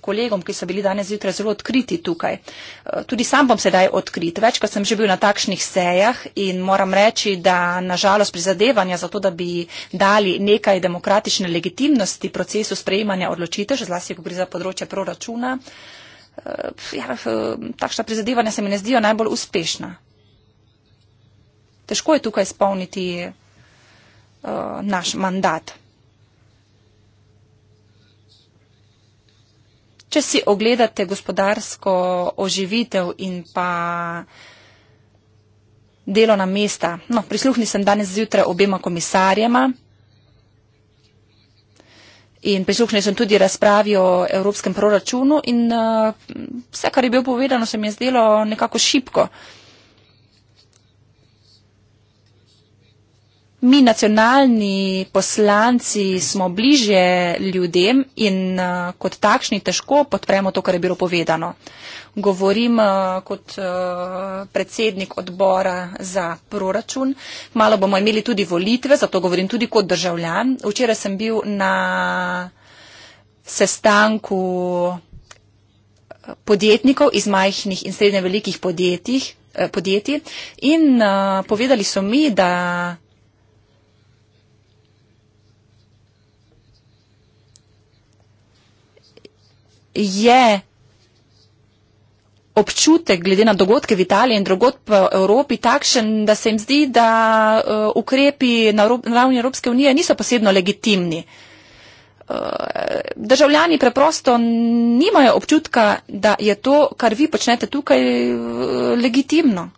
kolegom, ki so bili danes zjutraj zelo odkriti tukaj. Eh, tudi sam bom sedaj odkrit. Večkrat sem že bil na takšnih sejah in moram reči, da nažalost prizadevanja za to, da bi dali nekaj demokratične legitimnosti procesu sprejemanja odločitev, še zlasti, ko gre za področje proračuna, eh, ja, eh, takšna prizadevanja se mi ne zdijo najbolj uspešna. Težko je tukaj spolniti uh, naš mandat. Če si ogledate gospodarsko oživitev in pa delo na mesta, no, prisluhni sem danes zjutraj obema komisarjema in prisluhni sem tudi razpravi o evropskem proračunu in uh, vse, kar je bilo povedano, se mi je zdelo nekako šipko. Uh, mi nacionalni poslanci smo bliže ljudem in uh, kot takšni težko podpremo to, kar je bilo povedano. Govorim uh, kot uh, predsednik odbora za proračun. Malo bomo imeli tudi volitve, zato govorim tudi kot državljan. Včeraj sem bil na sestanku podjetnikov iz majhnih in srednje velikih podjetij, eh, podjetij in uh, povedali so mi, da je občutek glede na dogodke v Italiji in drugod po Evropi takšen, da se jim zdi, da eh, ukrepi na ravni Evropske unije niso posebno legitimni. Eh, državljani preprosto nimajo občutka, da je to, kar vi počnete tukaj, eh, legitimno.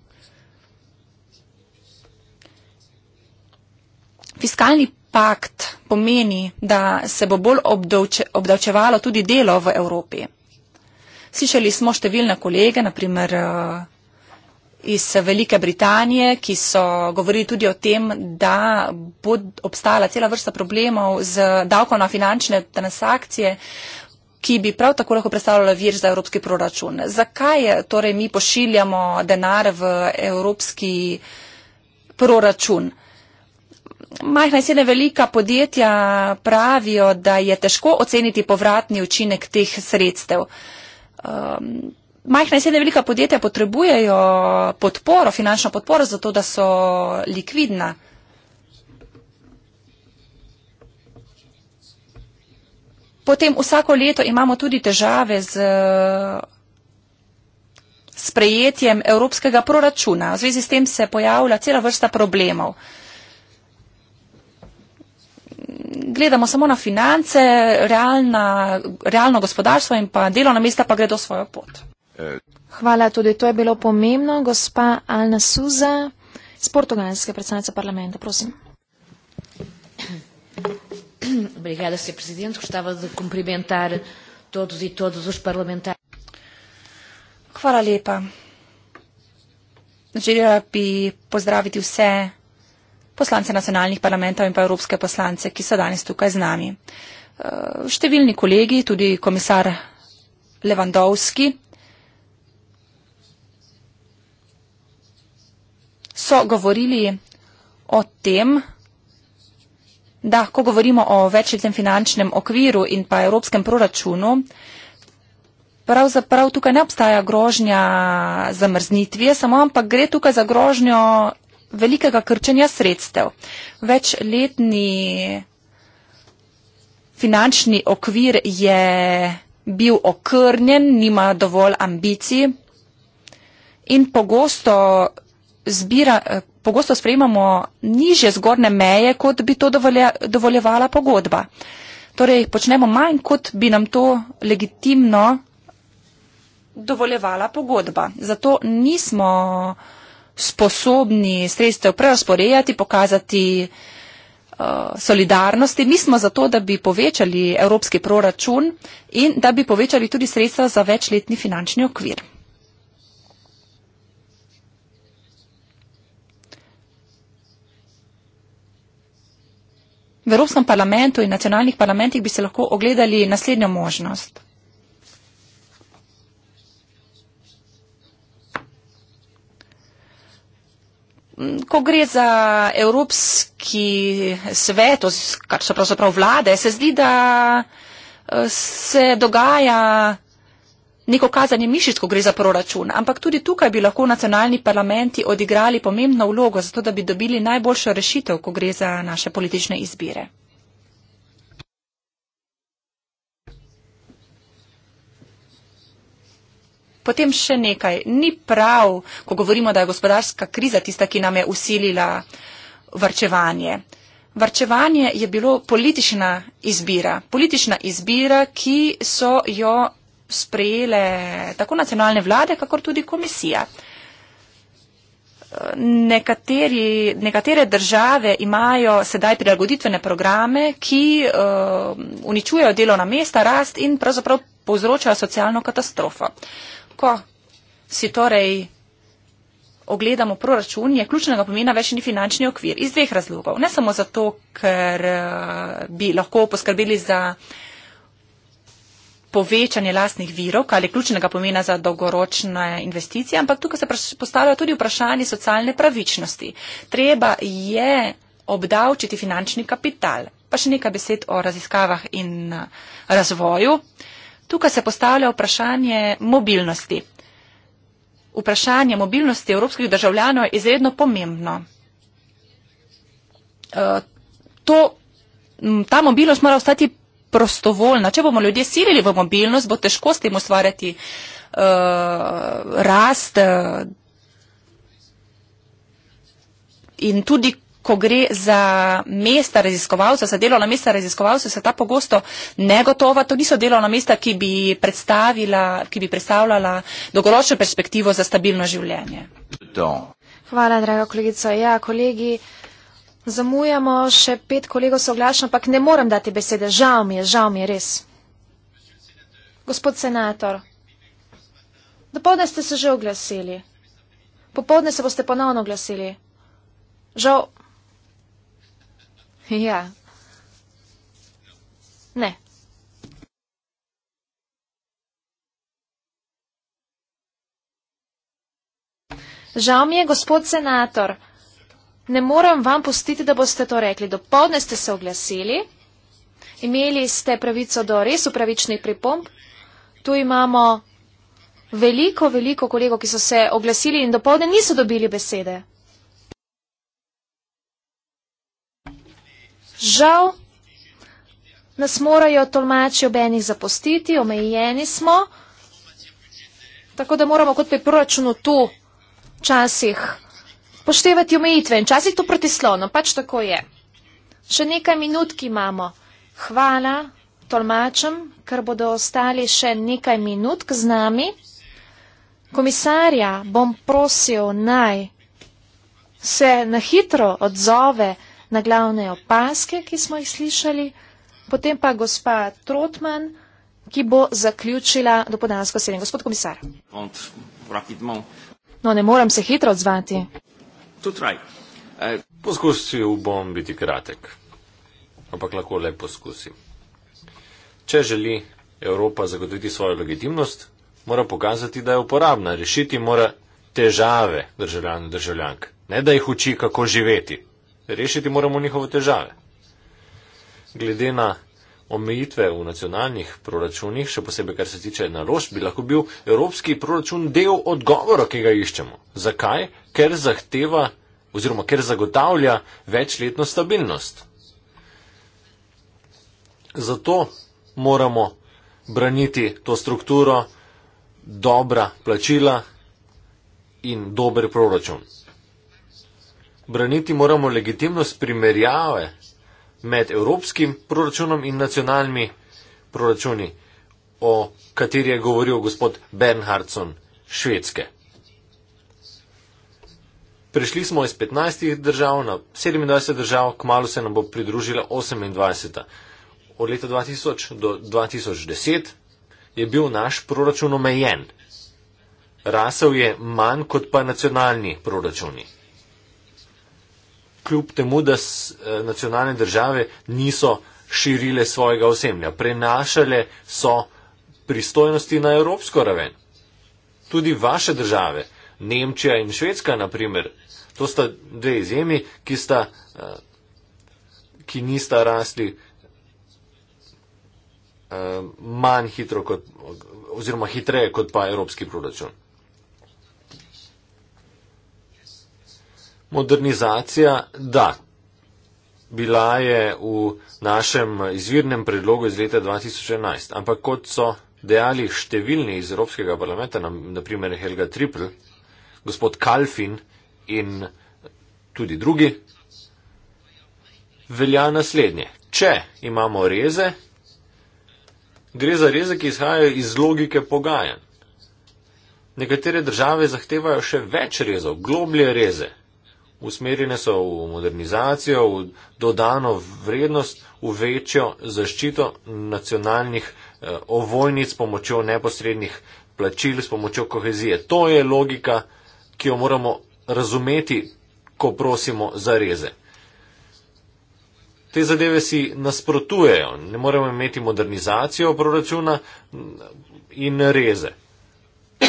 Fiskalni pakt pomeni, da se bo bolj obdavče, obdavčevalo tudi delo v Evropi. Slišali smo številne kolege, naprimer eh, iz Velike Britanije, ki so govorili tudi o tem, da bo obstala cela vrsta problemov z davkom na finančne transakcije, ki bi prav tako lahko predstavljala vir za evropski proračun. Zakaj eh, torej mi pošiljamo denar v evropski proračun? majhna in srednja velika podjetja pravijo, da je težko oceniti povratni učinek teh sredstev. Um, majhna in srednja velika podjetja potrebujejo podporo, finančno podporo, zato da so likvidna. Potem vsako leto imamo tudi težave z sprejetjem evropskega proračuna. V zvezi s tem se pojavlja cela vrsta problemov. Uh, gledamo samo na finance, realna, realno gospodarstvo in pa delovna mesta pa gredo svojo pot. Hvala, tudi to je bilo pomembno. Gospa Alna Suza, iz portugalske predstavnice parlamenta, prosim. Obrigada, se predsednik, gostava za komplimentar todos in e todos os parlamentar. Hvala lepa. Želela bi pozdraviti vse poslance nacionalnih parlamentov in pa evropske poslance, ki so danes tukaj z nami. Eh, številni kolegi, tudi komisar Levandovski, so govorili o tem, da ko govorimo o večletnem finančnem okviru in pa evropskem proračunu, pravzaprav tukaj ne obstaja grožnja zamrznitvije, samo ampak gre tukaj za grožnjo velikega krčenja sredstev. Večletni finančni okvir je bil okrnjen, nima dovolj ambicij in pogosto, zbira, pogosto sprejemamo niže zgorne meje, kot bi to dovolja, dovoljevala pogodba. Torej, počnemo manj, kot bi nam to legitimno dovoljevala pogodba. Zato nismo sposobni sredstev preosporejati, pokazati uh, solidarnosti. Mi smo zato, da bi povečali evropski proračun in da bi povečali tudi sredstva za večletni finančni okvir. V Evropskem parlamentu in nacionalnih parlamentih bi se lahko ogledali naslednjo možnost – ko gre za Evropski svet, kar so pravzaprav vlade, se zdi, da eh, se dogaja neko kazanje mišic, ko gre za proračun. Ampak tudi tukaj bi lahko nacionalni parlamenti odigrali pomembno vlogo, zato da bi dobili najboljšo rešitev, ko gre za naše politične izbire. Potem še nekaj. Ni prav, ko govorimo, da je gospodarska kriza tista, ki nam je usilila varčevanje. Varčevanje je bilo politična izbira. Politična izbira, ki so jo sprejele tako nacionalne vlade, kakor tudi komisija. Nekateri, nekatere države imajo sedaj prilagoditvene programe, ki uh, uničujejo delovna mesta, rast in pravzaprav povzročajo socialno katastrofo ko si torej ogledamo proračun, je ključnega pomena večni finančni okvir. Iz dveh razlogov. Ne samo zato, ker eh, bi lahko poskrbeli za povečanje lastnih virov, kar je ključnega pomena za dolgoročne investicije, ampak tukaj se postavlja tudi vprašanje socialne pravičnosti. Treba je obdavčiti finančni kapital. Pa še nekaj besed o raziskavah in eh, razvoju. Uh, Tukaj se postavlja vprašanje mobilnosti. Vprašanje mobilnosti evropskih državljanov je izredno pomembno. E, to, ta mobilnost mora ostati prostovoljna. Če bomo ljudje silili v mobilnost, bo težko s tem ustvarjati e, rast e, in tudi ko gre za mesta raziskovalcev, za delovna mesta raziskovalcev, se ta pogosto negotova. To niso delovna mesta, ki bi, ki bi predstavljala dolgoročno perspektivo za stabilno življenje. Hvala, draga kolegica. Ja, kolegi, zamujamo še pet kolegov soglašno, ampak ne moram dati besede. Žal mi je, žal mi je res. Gospod senator, dopoledne ste se že oglasili. Popoldne se boste ponovno oglasili. Žal, Ja. Ne. Žal mi je, gospod senator, ne morem vam pustiti, da boste to rekli. Dopoldne ste se oglasili, imeli ste pravico do res upravičnih pripomb. Tu imamo veliko, veliko kolegov, ki so se oglasili in dopoldne niso dobili besede. Žal nas morajo tolmači ob enih zapustiti, omejeni smo, tako da moramo kot pri proračunu tu časih poštevati omejitve in časih tu protislovno, pač tako je. Še nekaj minutki imamo. Hvala tolmačem, ker bodo ostali še nekaj minutk z nami. Komisarja bom prosil naj se na hitro odzove, na glavne opaske, ki smo jih slišali, potem pa gospa Trotman, ki bo zaključila dopodansko sedem. Gospod komisar. No, ne moram se hitro odzvati. Eh, Poskusil bom biti kratek, ampak lahko le poskusim. Če želi Evropa zagotoviti svojo legitimnost, mora pokazati, da je uporabna, rešiti mora težave državljanov in državljank, ne da jih uči, kako živeti rešiti moramo njihove težave. Glede na omejitve v nacionalnih proračunih, še posebej kar se tiče naložb, bi lahko bil evropski proračun del odgovora, ki ga iščemo. Zakaj? Ker zahteva oziroma ker zagotavlja večletno stabilnost. Zato moramo braniti to strukturo, dobra plačila in dober proračun braniti moramo legitimnost primerjave med evropskim proračunom in nacionalnimi proračuni, o kateri je govoril gospod Bernhardson Švedske. Prišli smo iz 15 držav na 27 držav, kmalo se nam bo pridružila 28. Od leta 2000 do 2010 je bil naš proračun omejen. Rasel je manj kot pa nacionalni proračuni kljub temu, da s, eh, nacionalne države niso širile svojega osemlja. Prenašale so pristojnosti na evropsko raven. Tudi vaše države, Nemčija in Švedska, naprimer, to sta dve izjemi, ki, sta, eh, ki nista rasti eh, manj hitro kot, oziroma hitreje kot pa evropski proračun. Modernizacija, da. Bila je v našem izvirnem predlogu iz leta 2011, ampak kot so dejali številni iz Evropskega parlamenta, naprimer Helga Tripl, gospod Kalfin in tudi drugi, velja naslednje. Če imamo reze, gre za reze, ki izhajajo iz logike pogajanj. Nekatere države zahtevajo še več rezov, globlje reze usmerjene so v modernizacijo, v dodano vrednost, v večjo zaščito nacionalnih eh, ovojnic s pomočjo neposrednih plačil, s pomočjo kohezije. To je logika, ki jo moramo razumeti, ko prosimo za reze. Te zadeve si nasprotujejo, ne moremo imeti modernizacijo proračuna mm, in reze.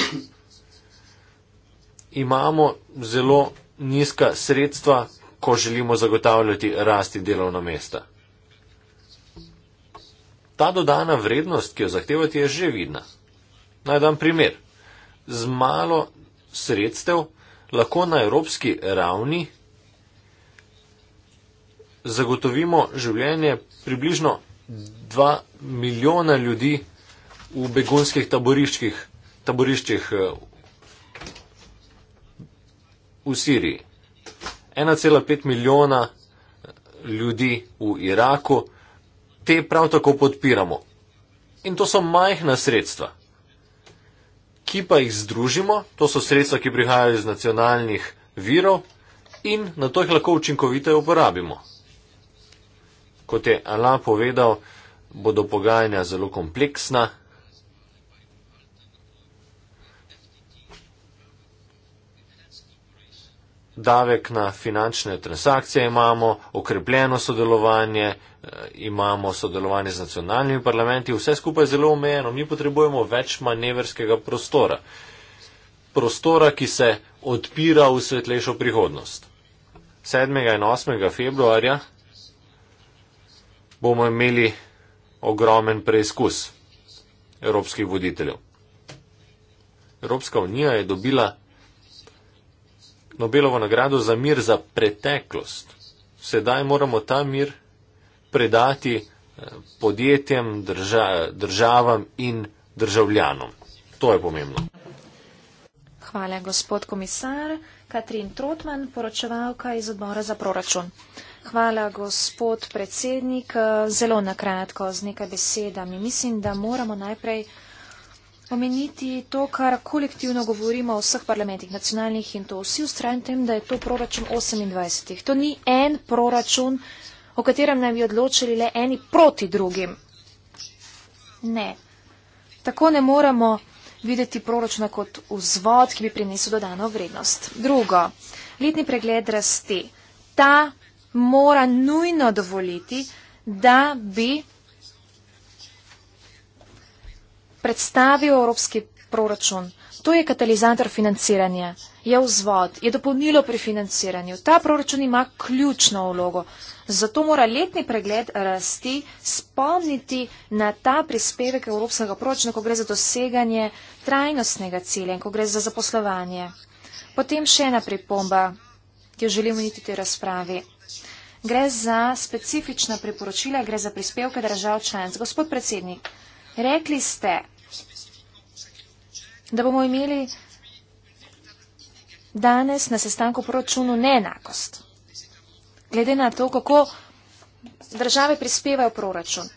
Imamo zelo nizka sredstva, ko želimo zagotavljati rasti delovna mesta. Ta dodana vrednost, ki jo zahtevati, je že vidna. Naj dam primer. Z malo sredstev lahko na evropski ravni zagotovimo življenje približno 2 milijona ljudi v begunskih taboriščih, taboriščih eh, v Siriji, 1,5 milijona eh, ljudi v Iraku, te prav tako podpiramo. In to so majhna sredstva, ki pa jih združimo, to so sredstva, ki prihajajo iz nacionalnih virov in na to jih lahko učinkovito uporabimo. Kot je Ala povedal, bodo pogajanja zelo kompleksna. davek na finančne transakcije imamo, okrepljeno sodelovanje, eh, imamo sodelovanje z nacionalnimi parlamenti, vse skupaj zelo omejeno, mi potrebujemo več manevrskega prostora. Prostora, ki se odpira v svetlejšo prihodnost. 7. in 8. februarja bomo imeli ogromen preizkus evropskih voditeljev. Evropska unija je dobila Nobelovo nagrado za mir za preteklost. Sedaj moramo ta mir predati eh, podjetjem, drža, državam in državljanom. To je pomembno. Hvala, gospod komisar. Katrin Trotman, poročevalka iz odbora za proračun. Hvala, gospod predsednik. Zelo nakratko, z nekaj besedami. Mislim, da moramo najprej omeniti to, kar kolektivno govorimo o vseh parlamentih nacionalnih in to vsi ustrajam tem, da je to proračun 28. To ni en proračun, o katerem naj bi odločili le eni proti drugim. Ne. Tako ne moramo videti proračuna kot vzvod, ki bi prinesel dodano vrednost. Drugo, letni pregled rasti. Ta mora nujno dovoliti, da bi predstavil evropski proračun. To je katalizator financiranja, je vzvod, je dopolnilo pri financiranju. Ta proračun ima ključno vlogo. Zato mora letni pregled rasti spomniti na ta prispevek evropskega proračuna, ko gre za doseganje trajnostnega cilja in ko gre za zaposlovanje. Potem še ena pripomba, ki jo želim uniti v tej razpravi. Gre za specifična priporočila, gre za prispevke držav članic. Gospod predsednik, Rekli ste, da bomo imeli danes na sestanku proračunu neenakost. Glede na to, kako države prispevajo proračun.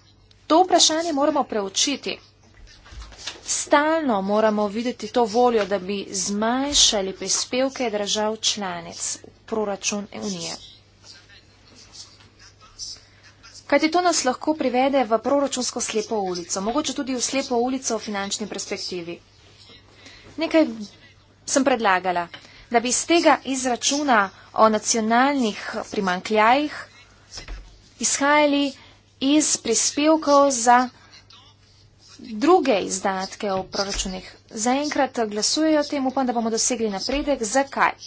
To vprašanje moramo preučiti. Stalno moramo videti to voljo, da bi zmanjšali prispevke držav članic v proračun Unije. Kajti to nas lahko privede v proračunsko slepo ulico, mogoče tudi v slepo ulico v finančni perspektivi. Nekaj sem predlagala, da bi iz tega izračuna o nacionalnih primankljajih izhajali iz prispevkov za druge izdatke v proračunih. Zaenkrat glasujejo tem, upam, da bomo dosegli napredek. Zakaj?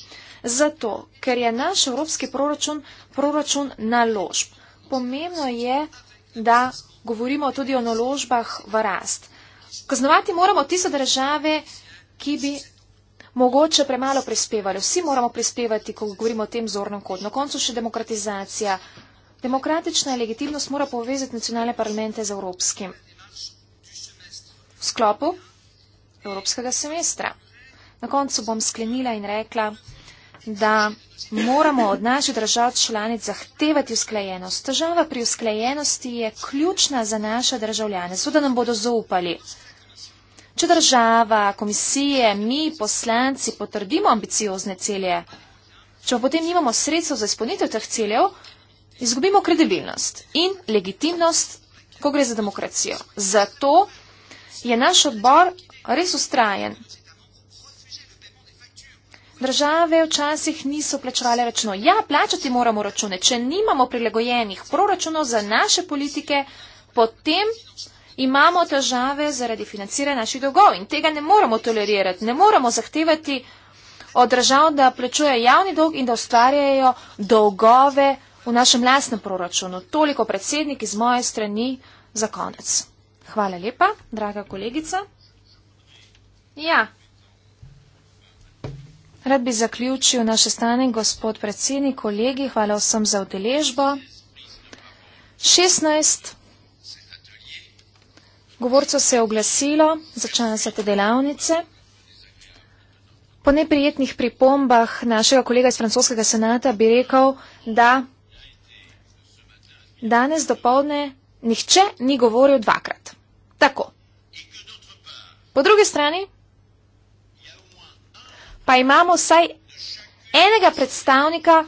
Zato, ker je naš evropski proračun proračun naložb pomembno je, da govorimo tudi o naložbah v rast. Kaznovati moramo tiste države, ki bi mogoče premalo prispevali. Vsi moramo prispevati, ko govorimo o tem zornem kodu. Na koncu še demokratizacija. Demokratična legitimnost mora povezati nacionalne parlamente z evropskim. V sklopu evropskega semestra. Na koncu bom sklenila in rekla, da moramo od naših držav članic zahtevati usklajenost. Težava pri usklajenosti je ključna za naše državljane, so da nam bodo zaupali. Če država, komisije, mi, poslanci potrdimo ambiciozne cilje, če potem nimamo sredstev za izpolnitev teh ciljev, izgubimo kredibilnost in legitimnost, ko gre za demokracijo. Zato je naš odbor res ustrajen Države včasih niso plačevale računov. Ja, plačati moramo račune. Če nimamo prilagojenih proračunov za naše politike, potem imamo težave zaradi financiranja naših dolgov in tega ne moramo tolerirati. Ne moramo zahtevati od držav, da plačuje javni dolg in da ustvarjajo dolgove v našem lastnem proračunu. Toliko predsednik iz moje strani za konec. Hvala lepa, draga kolegica. Ja. Rad bi zaključil naše stanje, gospod predsednik, kolegi, hvala vsem za udeležbo. 16 govorcev se je oglasilo, začne se te delavnice. Po neprijetnih pripombah našega kolega iz francoskega senata bi rekel, da danes dopolne nihče ni govoril dvakrat. Tako. Po drugi strani pa imamo vsaj enega predstavnika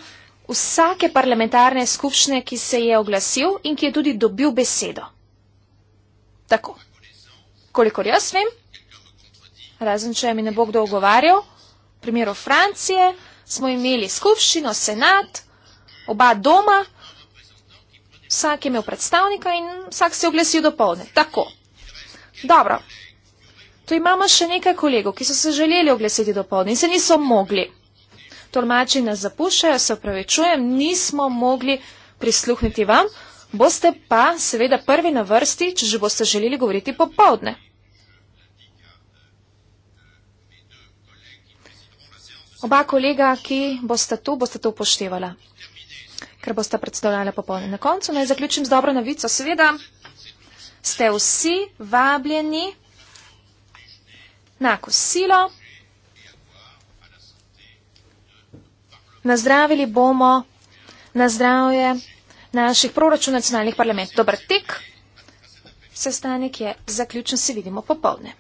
vsake parlamentarne skupščine, ki se je oglasil in ki je tudi dobil besedo. Tako. Kolikor jaz vem, razen če mi ne bo kdo ogovarjal, v primeru Francije smo imeli skupščino, senat, oba doma, vsak je imel predstavnika in vsak se je oglasil do polne. Tako. Dobro. Tu imamo še nekaj kolegov, ki so se želeli oglesiti do povdne in se niso mogli. Tolmači nas zapušajo, se upravičujem, nismo mogli prisluhniti vam. Boste pa seveda prvi na vrsti, če že boste želeli govoriti popovdne. Oba kolega, ki boste tu, boste to upoštevala, ker boste predstavljala popovdne. Na koncu naj zaključim z dobro novico. Seveda ste vsi vabljeni na kosilo. Nazdravili bomo na zdravje naših proračun nacionalnih parlamentov. Dobar tek. Sestanek je zaključen, se vidimo popovdne.